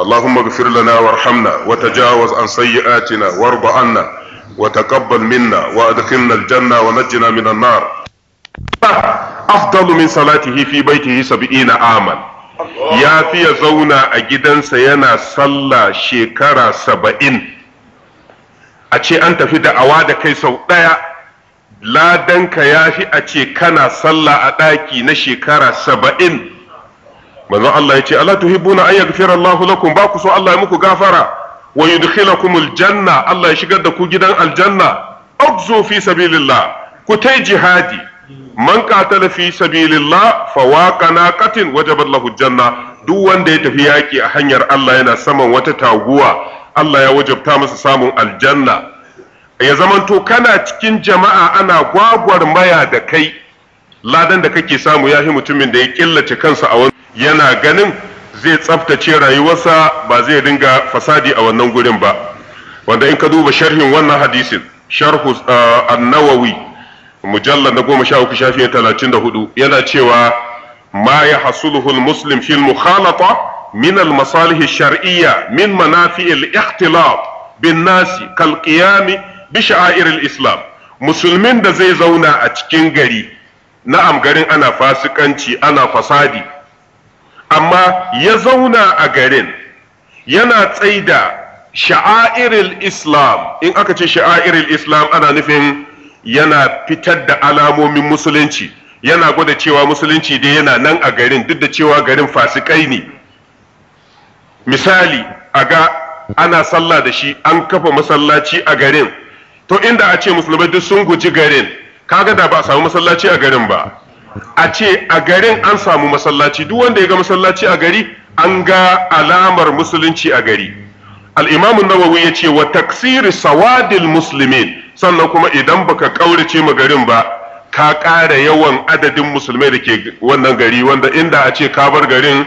Speaker 1: اللهم اغفر لنا وارحمنا وتجاوز عن سيئاتنا وارض عنا وتقبل منا وادخلنا الجنة ونجنا من النار أفضل من صلاته في بيته سبعين عاما يا في زونا أجدا سينا صلى شكرا سبعين a ce an tafi da awa da kai sau ɗaya ladanka ya fi a ce kana sallah a ɗaki na shekara saba'in manzo Allah ya ce Allah tuhibbuna an yaghfira Allah lakum ba ku so Allah ya muku gafara wa yudkhilakumul Aljanna. Allah ya shigar da ku gidan aljanna abzu fi sabilillah ku tai jihadi man qatala fi sabilillah fawaqa naqatin wajabat lahu janna duk wanda ya tafi yaki a hanyar Allah yana saman wata taguwa Allah ya wajabta masa samun aljanna ya zamanto kana cikin jama'a ana gwagwarmaya da kai ladan da kake samu ya mutumin da ya killace kansa a wani yana ganin zai tsaftace rayuwarsa ba zai dinga fasadi a wannan gurin ba wanda in ka duba sharhin wannan hadisin sharhu eh, an-nawawi mujallad na goma sha uku shafi talatin da hudu yana cewa ma ya hasuluhu muslim fil mukhalata min al-masalih shariyya min manafi al-ikhtilaf bin nasi kal qiyami bi sha'airil islam musulmin da zai zauna a cikin gari na'am garin ana fasikanci ana fasadi amma ya zauna a garin yana tsaida sha'airil islam in aka ce sha'airil islam ana nufin yana fitar da alamomin musulunci yana gwada cewa musulunci dai yana nan a garin duk da cewa garin fasikai ne misali a ga ana sallah da shi an kafa masallaci a garin to inda a ce musulmai duk sun guji garin kaga da ba a samu masallaci a garin ba a ce a garin an samu masallaci duk wanda ya ga masallaci a gari an ga alamar musulunci a gari al-imam nawawi ya ce wa taksiri sawadil muslimin sannan kuma idan baka kaurace ma garin ba ka kara yawan adadin musulmai da ke wannan gari wanda inda a ce ka bar garin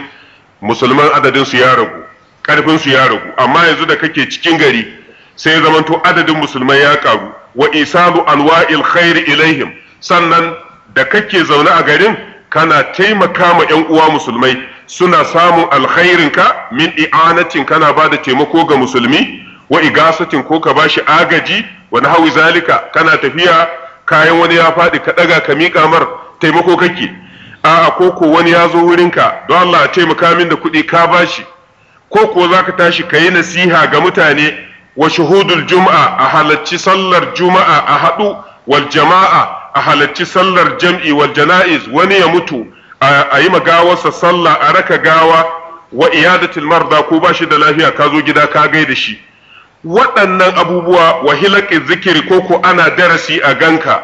Speaker 1: musulman adadin su ya ragu karfin su ya ragu amma yanzu da kake cikin gari sai zamanto adadin musulmai ya karu wa isalu anwa'il khair ilaihim sannan da kake zaune a garin kana taimaka ma yan uwa musulmai suna samun alkhairin ka min i'anatin kana bada taimako ga musulmi wa igasatin ko ka bashi agaji wa nahwi zalika kana tafiya kayan wani ya faɗi ka ɗaga ka mika mar taimako kake a'a ko wani ya zo wurinka don Allah taimaka min da kuɗi ka bashi ko ko za tashi ka nasiha ga mutane wa juma'a a halarci sallar juma'a a haɗu wal a halarci sallar jam'i wal jana'iz wani ya mutu a yi magawarsa sallah a raka gawa wa iyadatul marda ko ba shi da lafiya ka zo gida ka da shi waɗannan abubuwa wa hilaƙin zikiri ko ko ana darasi a ganka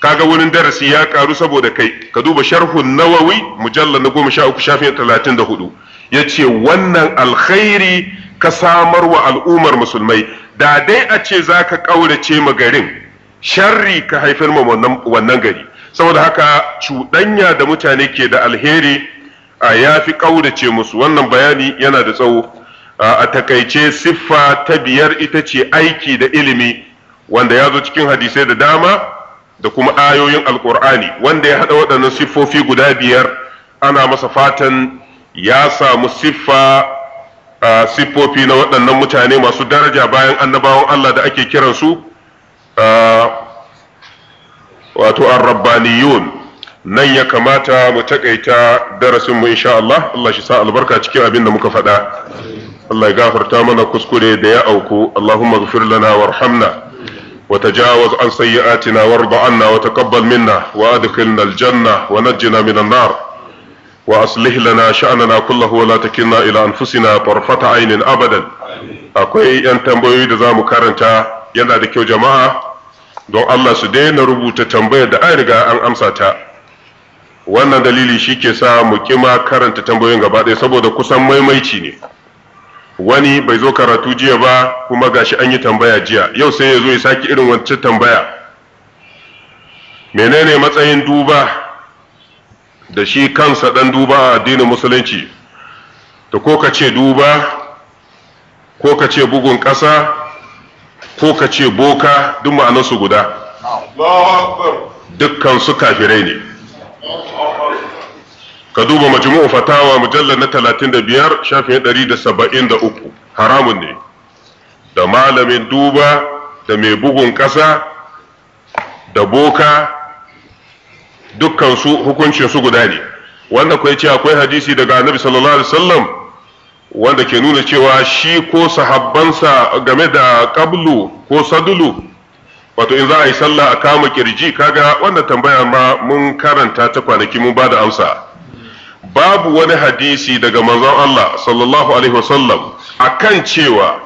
Speaker 1: kaga wurin darasi ya karu saboda kai ka duba sharhun nawawi mujallar na goma sha uku shafin talatin da hudu ya ce wannan alkhairi ka samar wa al'ummar musulmai da dai a ce za ka ƙaurace ma garin sharri ka haifar ma wannan gari saboda haka cuɗanya da mutane ke da alheri a ya fi ƙaurace musu wannan bayani yana da tsawo a takaice siffa ta biyar ita ce aiki da ilimi wanda ya zo cikin hadisai da dama da kuma ayoyin alƙur'ani wanda ya haɗa waɗannan siffofi guda biyar ana masa fatan ya samu siffa siffofi na waɗannan mutane masu daraja bayan annabawan Allah da ake kiransu wato ar nan ya kamata mu takaita darasin mu insha Allah Allah shi sa albarka cikin abin da muka faɗa Allah ya gafarta mana kuskure da ya auku Allahumma ghfir lana warhamna وتجاوز عن سيئاتنا وارض minna, وتقبل منا وادخلنا wa ونجنا minan nar وأصلح لنا شأننا كله ولا تكلنا إلى أنفسنا farfata عين abadan. akwai 'yan tambayoyi da za mu karanta yana da kyau jama'a don Allah su daina rubuta tambayar da an riga an amsa ta wannan dalili shi ke sa mu kima karanta tambayoyin gabaɗaya saboda kusan maimaici ne wani bai zo karatu jiya ba kuma gashi an yi tambaya jiya yau sai ya zo ya sake irin wancan tambaya menene matsayin duba da shi kansa ɗan duba a addinin musulunci da ko ka duba ko ka bugun ƙasa ko kace boka duk ma'anarsu guda dukkan su kafirai ne ka duba majmu'u fatawa mujallar na 35 shafin 173 haramun ne da malamin duba da mai bugun ƙasa da boka Dukkansu su hukuncin su guda ne wanda kai ce akwai hadisi daga annabi sallallahu alaihi wasallam wanda ke nuna cewa shi ko sahabbansa game da qablu ko sadulu wato in za a yi sallah a kama kirji kaga wannan tambaya ma mun karanta ta kwanaki mun ba da amsa babu wani hadisi daga manzon Allah sallallahu alaihi wasallam akan cewa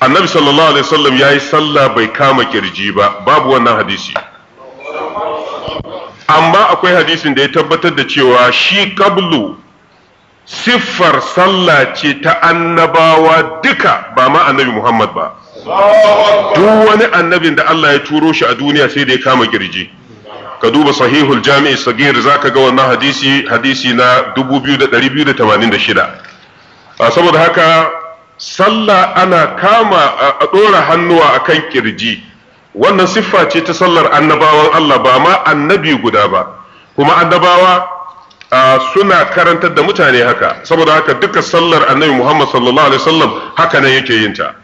Speaker 1: annabi sallallahu alaihi wasallam yayi sallah bai kama kirji ba babu wannan hadisi amma akwai hadisin da ya tabbatar da cewa shi kablu siffar sallah ce ta annabawa duka ba ma annabi Muhammad ba duk wani annabin da Allah ya turo shi a duniya sai da ya kama girji ka duba sahihul jami'i sagir ka ga wannan hadisi hadisi na 2286 saboda haka sallah ana kama a dora hannuwa akan kirji wannan siffa ce ta sallar annabawan Allah ba ma annabi guda ba kuma annabawa suna karantar da mutane haka saboda haka duka sallar annabi Muhammad sallallahu alaihi wasallam haka nan yake yin ta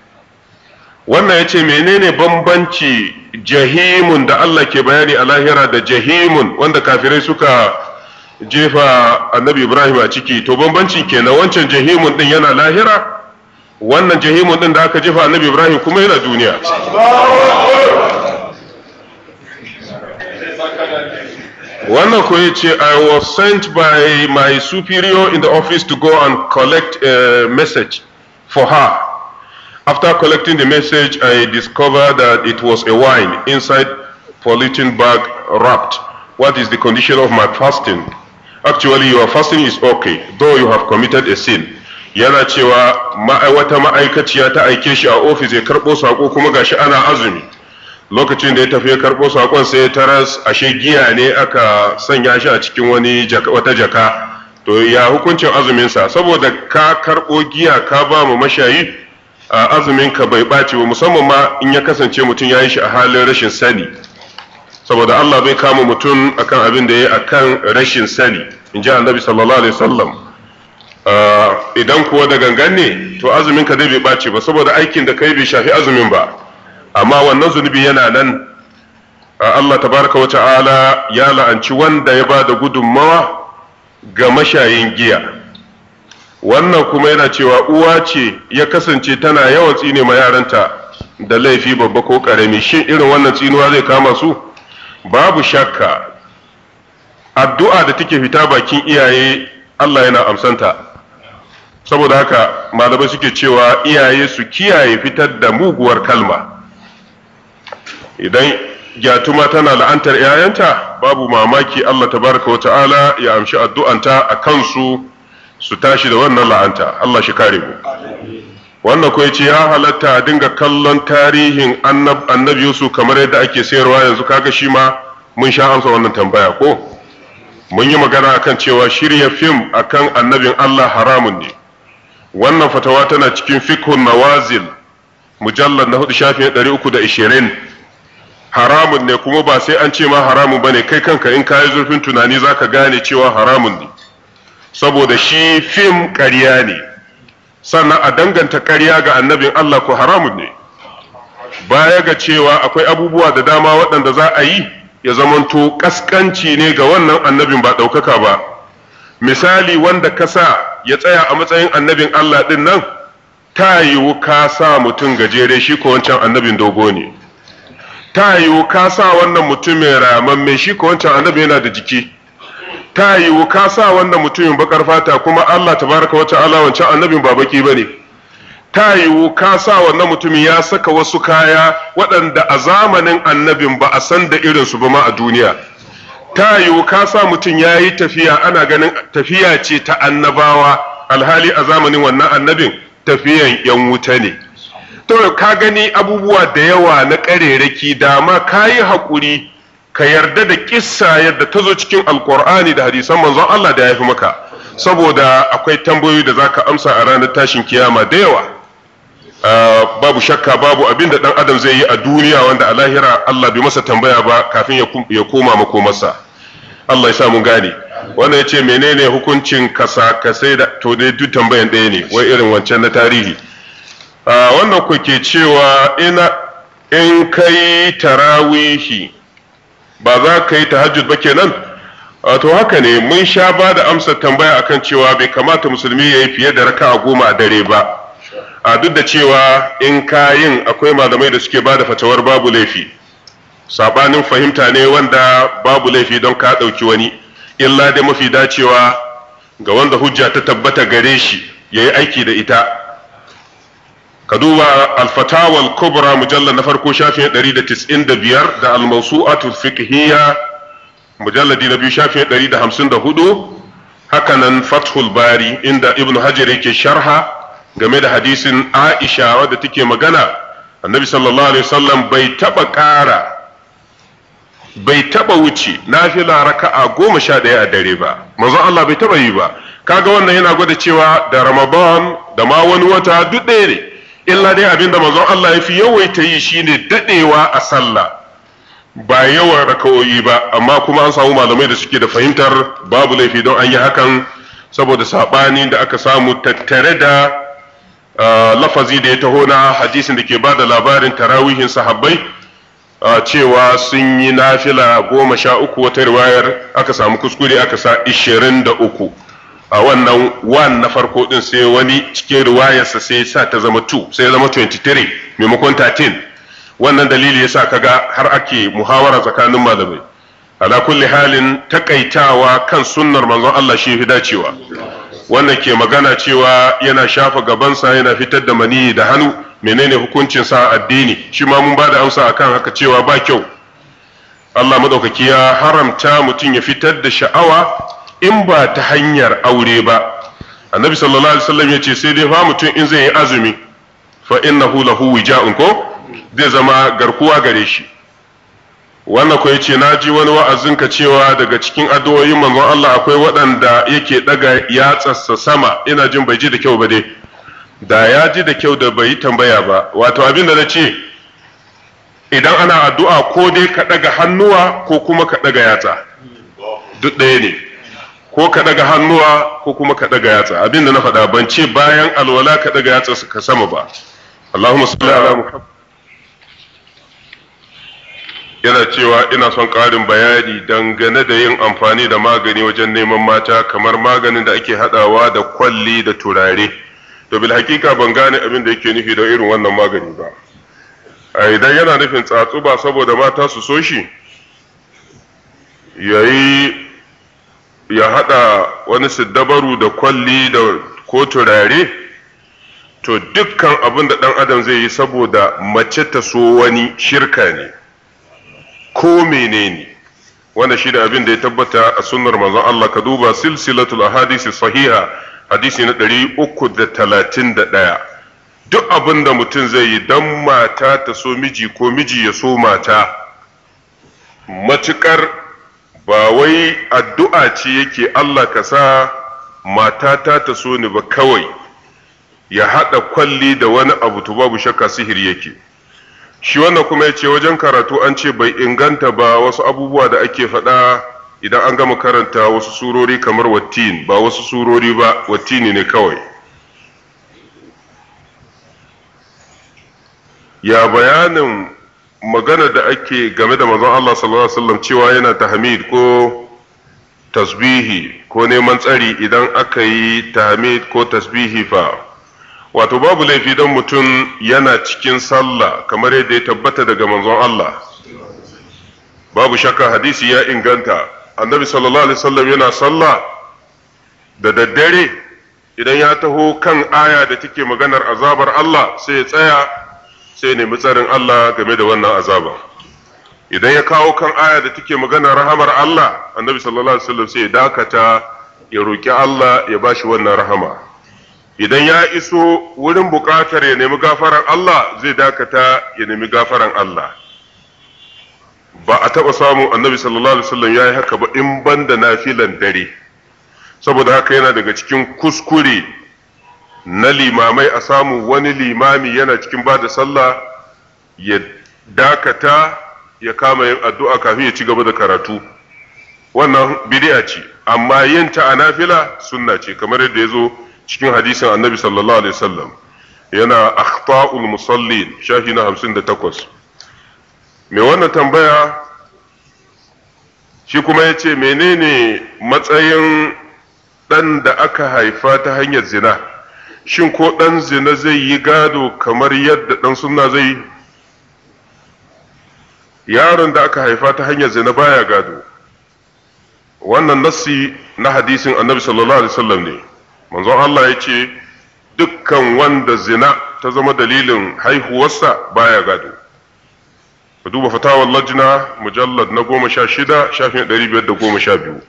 Speaker 1: wannan yace menene bambanci jahimun da Allah ke bayani a lahira da jahimun wanda kafirai suka jefa annabi Ibrahim a ciki to bambancin kenan wancan jahimun din yana lahira wannan jahimun din da aka jefa annabi Ibrahim kuma yana duniya wannan ko ya ce i was sent by my superior in the office to go and collect a message for her after collecting the message i discovered that it was a wine inside polythene bag wrapped what is the condition of my fasting actually your fasting is okay though you have committed a sin yana cewa wata ma'aikaciya ta aike shi a ofis ya karɓo sako kuma gashi ana azumi lokacin da ya tafi ya karɓo sakon sai ya taras ashe giya ne aka sanya shi a cikin wani wata jaka to ya hukuncin azuminsa saboda ka karɓo giya ka ba mu mashayi a azumin ka bai ɓaci ba musamman ma in ya kasance mutum ya yi shi a halin rashin sani saboda Allah bai kama mutum akan abin da ya yi akan rashin sani in ji annabi sallallahu alaihi wasallam idan kuwa da gangan ne to azumin ka zai bai ɓaci ba saboda aikin da kai bai shafi azumin ba amma wannan zunubi yana nan Allah tabaraka wa ta'ala ya la'anci wanda ya ba da gudunmawa ga mashayin giya wannan kuma yana cewa uwa ce ya kasance tana yawan tsine ma yaranta da laifi babba ko karami shin irin wannan tsinuwa zai kama su babu shakka addu'a da take fita bakin iyaye Allah yana amsanta saboda haka malamai suke cewa iyaye su kiyaye fitar da muguwar kalma idan gyatuma tana la'antar 'ya'yanta babu mamaki Allah ta wa ta'ala ya amshi addu'anta a kansu su tashi da wannan la'anta Allah shi kare mu wannan ko yace ya halatta dinga kallon tarihin annabi Yusuf kamar yadda ake sayarwa yanzu kaga shi ma mun sha amsa wannan tambaya ko mun yi magana akan cewa shirya fim akan annabin Allah haramun ne wannan fatawa tana cikin fikhun nawazil mujallad na hudu shafi 320 haramun ne kuma ba sai an ce ma haramun bane kai kanka in kayi zurfin tunani zaka gane cewa haramun ne saboda shi fim ƙarya ne sannan a danganta ƙarya ga annabin Allah ko haramun ne baya ga cewa akwai abubuwa da dama waɗanda za a yi ya zamanto ƙasƙanci ne ga wannan annabin ba ɗaukaka ba misali wanda ka sa ya tsaya a matsayin annabin Allah ɗin nan ta yiwu ka sa mutum gajere shi ko wancan annabin dogo ne ta yiwu ka sa wannan mutumin mai shi ka wancan annabi yana da jiki ta yiwu ka sa wannan mutumin bakar fata kuma Allah tabaraka wata Allah wancan annabin ba baki bane ta yiwu ka sa wannan mutumin ya saka wasu kaya waɗanda a zamanin annabin ba a san da irinsu ba ma a duniya ta yiwu ka sa mutum ya yi tafiya ana ganin tafiya ce ta annabawa alhali a zamanin wannan annabin tafiyan yan wuta ne to ka gani abubuwa da yawa na ƙarerraki dama ka yi haƙuri ka yarda da ƙissa yadda ta zo cikin alƙur'ani da hadisan manzon Allah da ya fi maka saboda akwai tambayoyi da za ka amsa a ranar tashin kiyama da yawa ah, babu shakka babu abin da ɗan adam zai yi a duniya wanda a lahira Allah bai masa tambaya ba kafin ya koma makomarsa Allah ya sa mun gane wannan yace menene hukuncin kasa kasai da to dai duk tambayan ɗaya ne wai irin wancan na tarihi Ah, wanda ku ke cewa ina in kai tarawihi ba za ka yi tahajjud ba kenan ah, to haka ne mun sha ba da amsa tambaya akan cewa bai kamata musulmi ya yi fiye da raka a goma a dare ba a ah, duk da cewa in kayin akwai malamai da suke ba da fatawar babu laifi sabanin fahimta ne wanda babu laifi don ka ɗauki wani illa dai mafi dacewa ga wanda hujja ta tabbata gare shi ya yi aiki da ita ka duba alfatawal kubra mujallar na farko shafin 195 da al-mawsu'atu fiqhiyya mujalladi na biyu shafin 154 haka nan fathul bari inda ibnu hajar yake sharha game da hadisin aisha wadda take magana annabi sallallahu alaihi wasallam bai taba ƙara bai taba wuce nafila raka'a goma sha ɗaya a dare ba manzon Allah bai taba yi ba kaga wannan yana gwada cewa da ramadan da ma wani wata duk ɗaya ne illa dai abinda manzon Allah ya fi yawaita yi shine daɗewa a sallah ba yawan rakawoyi ba amma kuma an samu malamai da suke da fahimtar babu laifi don an yi hakan saboda sabani da aka samu tattare da ah, lafazi da ya taho na hadisin da ke ba da labarin tarawihin sahabbai ah, cewa sun yi nafila goma sha uku wata riwayar aka samu kuskure aka sa ishirin da uku a wannan wan na farko din sai wani cikin riwayarsa sai sa ta zama 2 sai zama 23 maimakon 13 wannan dalili yasa kaga har ake muhawara tsakanin malamai ala kulli halin takaitawa kan sunnar manzon Allah shi fi dacewa wannan ke magana cewa yana shafa gabansa yana fitar da mani da hannu menene hukuncin sa addini shi ma mun bada amsa akan haka cewa ba kyau Allah madaukaki ya haramta mutum ya fitar da sha'awa in ba ta hanyar aure ba annabi sallallahu alaihi wasallam ya ce sai dai fa mutum in zai yi azumi fa innahu lahu wija'un ko zai zama garkuwa gare shi wannan ko yace na ji wani wa'azin ka cewa daga cikin addu'o'in manzon Allah akwai waɗanda yake daga tsassa sama ina jin bai ji da kyau ba dai da ya ji da kyau da bai tambaya ba wato abinda na ce idan ana addu'a ko dai ka daga hannuwa ko kuma ka daga yatsa duk ɗaya ne ko ka daga hannuwa ko kuma ka daga yatsa abin da na faɗa ban ce bayan alwala ka daga yatsa ka sama ba Allahumma salli ala Muhammad yana cewa ina son ƙarin bayani dangane da yin amfani da magani wajen neman mata kamar maganin da ake haɗawa da kwalli da turare to bil hakika ban gane abin da yake nufi da irin wannan magani ba idan yana nufin tsatsu ba saboda mata su so shi yayi ya haɗa wani siddabaru da kwalli da ko turare to dukkan abin da ɗan adam zai yi saboda mace ta so wani shirka ne ko menene wanda shi da abin da ya tabbata a sunnar manzon Allah ka duba silsilatul ahadisi sahiha hadisi na ɗari 331 duk abin da mutum zai yi don mata ta so miji ko miji ya so mata matuƙar. ba wai addu'a ce yake Allah ka sa matata ta so ni ba kawai ya haɗa kwalli da wani abu to babu shakka sihiri yake shi wannan kuma ya ce wajen karatu an ce bai inganta ba wasu abubuwa da ake faɗa idan an gama karanta wasu surori kamar wattin ba wasu surori ba wattini ne kawai ya bayanin magana da ake game da manzon Allah sallallahu alaihi wasallam cewa yana tahmid ko tasbihi ko neman tsari idan aka yi tahmid ko tasbihi fa wato babu laifi don mutum yana cikin sallah kamar yadda ya tabbata daga manzon Allah babu shakka hadisi ya inganta annabi sallallahu alaihi wasallam yana sallah da daddare idan ya taho kan aya da take maganar azabar Allah sai ya tsaya sai nemi tsarin Allah game da wannan azaba idan ya kawo kan aya da take magana rahamar Allah annabi sallallahu alaihi wasallam sai ya dakata ya roki Allah ya bashi wannan rahama idan ya iso wurin buƙatar ya nemi gafaran Allah zai dakata ya nemi gafaran Allah ba a taɓa samu annabi sallallahu alaihi wasallam ya haka ba in banda nafilan dare saboda haka yana daga cikin kuskure na limamai a samu wani limami yana cikin ba da sallah ya dakata ya kama yin addu'a kafin ya ci gaba da karatu wannan bid'a ce amma yin ta a nafila sunna ce kamar yadda ya zo cikin hadisin annabi sallallahu alaihi wasallam yana akhta'ul musallin shafi na hamsin da takwas. mai wannan tambaya shi kuma ya ce menene matsayin ɗan da aka haifa ta hanyar zina shin ko ɗan zina zai yi gado kamar yadda ɗan suna zai yaron da aka haifa ta hanyar zina baya gado wannan nassi na hadisin annabi sallallahu alaihi wasallam ne manzon Allah ya ce dukkan wanda zina ta zama dalilin haihuwarsa baya gado Ku duba fatawar lajna mujallad na goma sha shida shafin ɗari biyar da goma sha biyu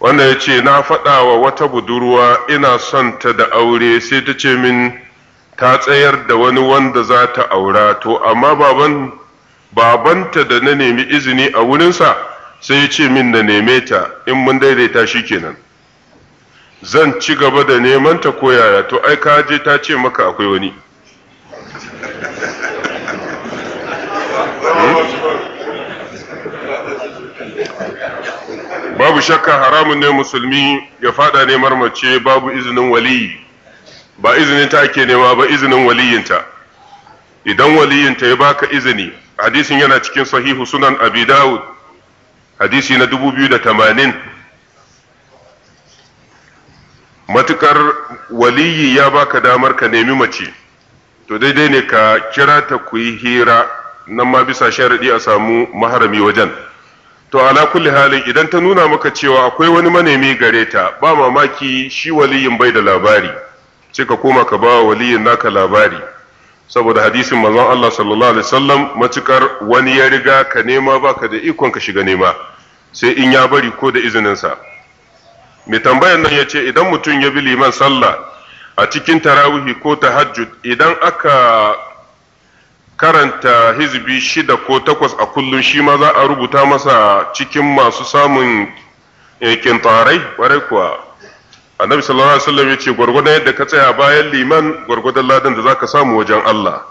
Speaker 1: wanda ya ce na faɗa wa wata budurwa ina son ta da aure sai ta ce min ta tsayar da wani wanda za ta aura to amma babanta da na nemi izini a wurinsa sai ya ce min na neme ta in mun daidaita shi kenan zan ci gaba da neman ta ko yaya to ai ka je ta ce maka akwai wani hmm? babu shakka haramun ne musulmi ya fada neman mace babu izinin waliyi ba izinin ta ake nema ba izinin waliyinta idan waliyinta ya baka izini hadisin yana cikin sahihu sunan abi dawud hadisi na 2080 matukar waliyi ya baka damar ka nemi mace to daidai ne ka kira ta ku yi hira nan ma bisa sharaɗi a samu maharami wajen to ala kulli halin idan ta nuna maka cewa akwai wani manemi gare ta ba mamaki shi waliyin bai da labari sai ka koma ka ba waliyin naka labari saboda hadisin manzon Allah sallallahu alaihi wasallam matukar wani ya riga ka nema baka da ikon ka shiga nema sai in ya bari ko da izinin sa mai tambayar nan ya ce idan mutum ya bi liman sallah a cikin tarawihi ko tahajjud idan aka karanta hizbi shida ko takwas a kullum shi ma za a rubuta masa cikin masu samun eh, kintarai ƙwarai kuwa annabi sallallahu alaihi wasallam ya ce gwargwadon yadda ka tsaya bayan liman gwargwadon ladan da zaka samu wajen Allah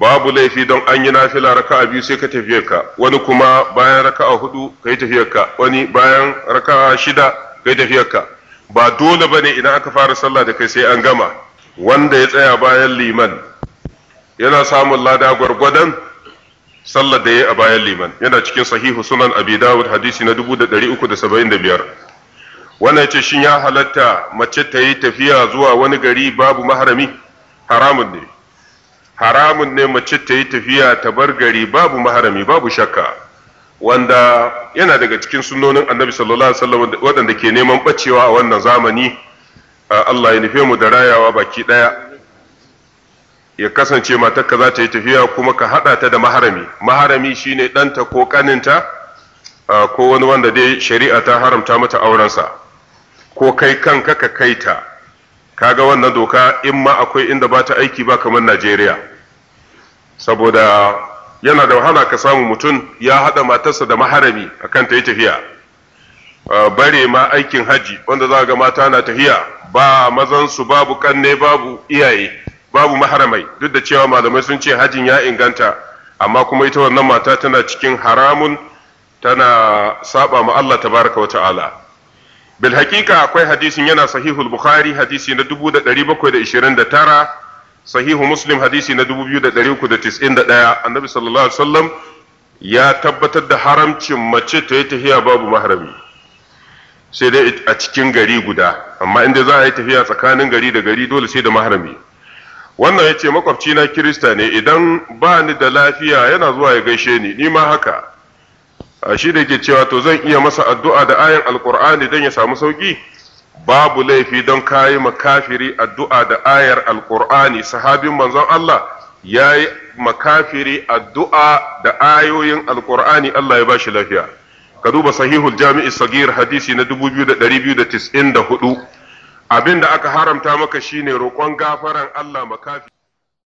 Speaker 1: babu laifi don an yi nafila raka'a biyu sai ka tafiyar ka wani kuma bayan raka'a hudu ka yi tafiyar ka wani bayan raka'a shida ka yi tafiyar ka ba dole bane idan aka fara sallah da kai sai an gama wanda ya tsaya bayan liman yana samun lada gwargwadon sallar da ya a bayan liman yana cikin sahihu sunan abi dawud hadisi na 375 wannan ce shin ya halatta mace ta yi tafiya zuwa wani gari babu maharami haramun ne haramun ne mace ta yi tafiya ta bar gari babu maharami babu shakka wanda yana daga cikin sunanin annabi sallallahu alaihi wasallam waɗanda ke neman bacewa a wannan zamani Allah ya nufe mu da rayawa baki ɗaya ya kasance matarka za ta yi tafiya kuma ka haɗa ta da maharami maharami shine ɗanta ko ƙaninta ko wani wanda dai shari'a ta haramta mata aurensa ko kai kanka ka kai ta kaga wannan doka in ma akwai inda ba ta aiki ba kamar najeriya saboda yana da wahala ka samu mutum ya haɗa matarsa da maharami akan ta yi tafiya bare ma aikin haji wanda za ga mata na tafiya ba mazansu babu kanne babu iyaye babu maharamai duk da cewa malamai sun ce hajin ya inganta amma kuma ita wannan mata tana cikin haramun tana saba ma Allah tabaraka wa ta'ala bil haqiqa akwai hadisin yana sahihul bukhari hadisi na 1729 sahihu muslim hadisi na 2391 annabi sallallahu alaihi wasallam ya tabbatar da haramcin mace ta yi tafiya babu maharami sai dai a cikin gari guda amma inda za a yi tafiya tsakanin gari da gari dole sai da maharami wannan ya ce makwabcina kirista ne idan ba ni da lafiya yana zuwa ya gaishe ni ni ma haka a shi da ke cewa to zan iya masa addu'a da ayan alkur'ani don ya samu sauki babu laifi don kayi makafiri addu'a da ayar alkur'ani sahabin manzon Allah ya yi makafiri addu'a da ayoyin alkur'ani Allah ya bashi lafiya ka duba sahihul jami'i sagir hadisi na 2294 abin da aka haramta maka shine roƙon gafaran Allah makafi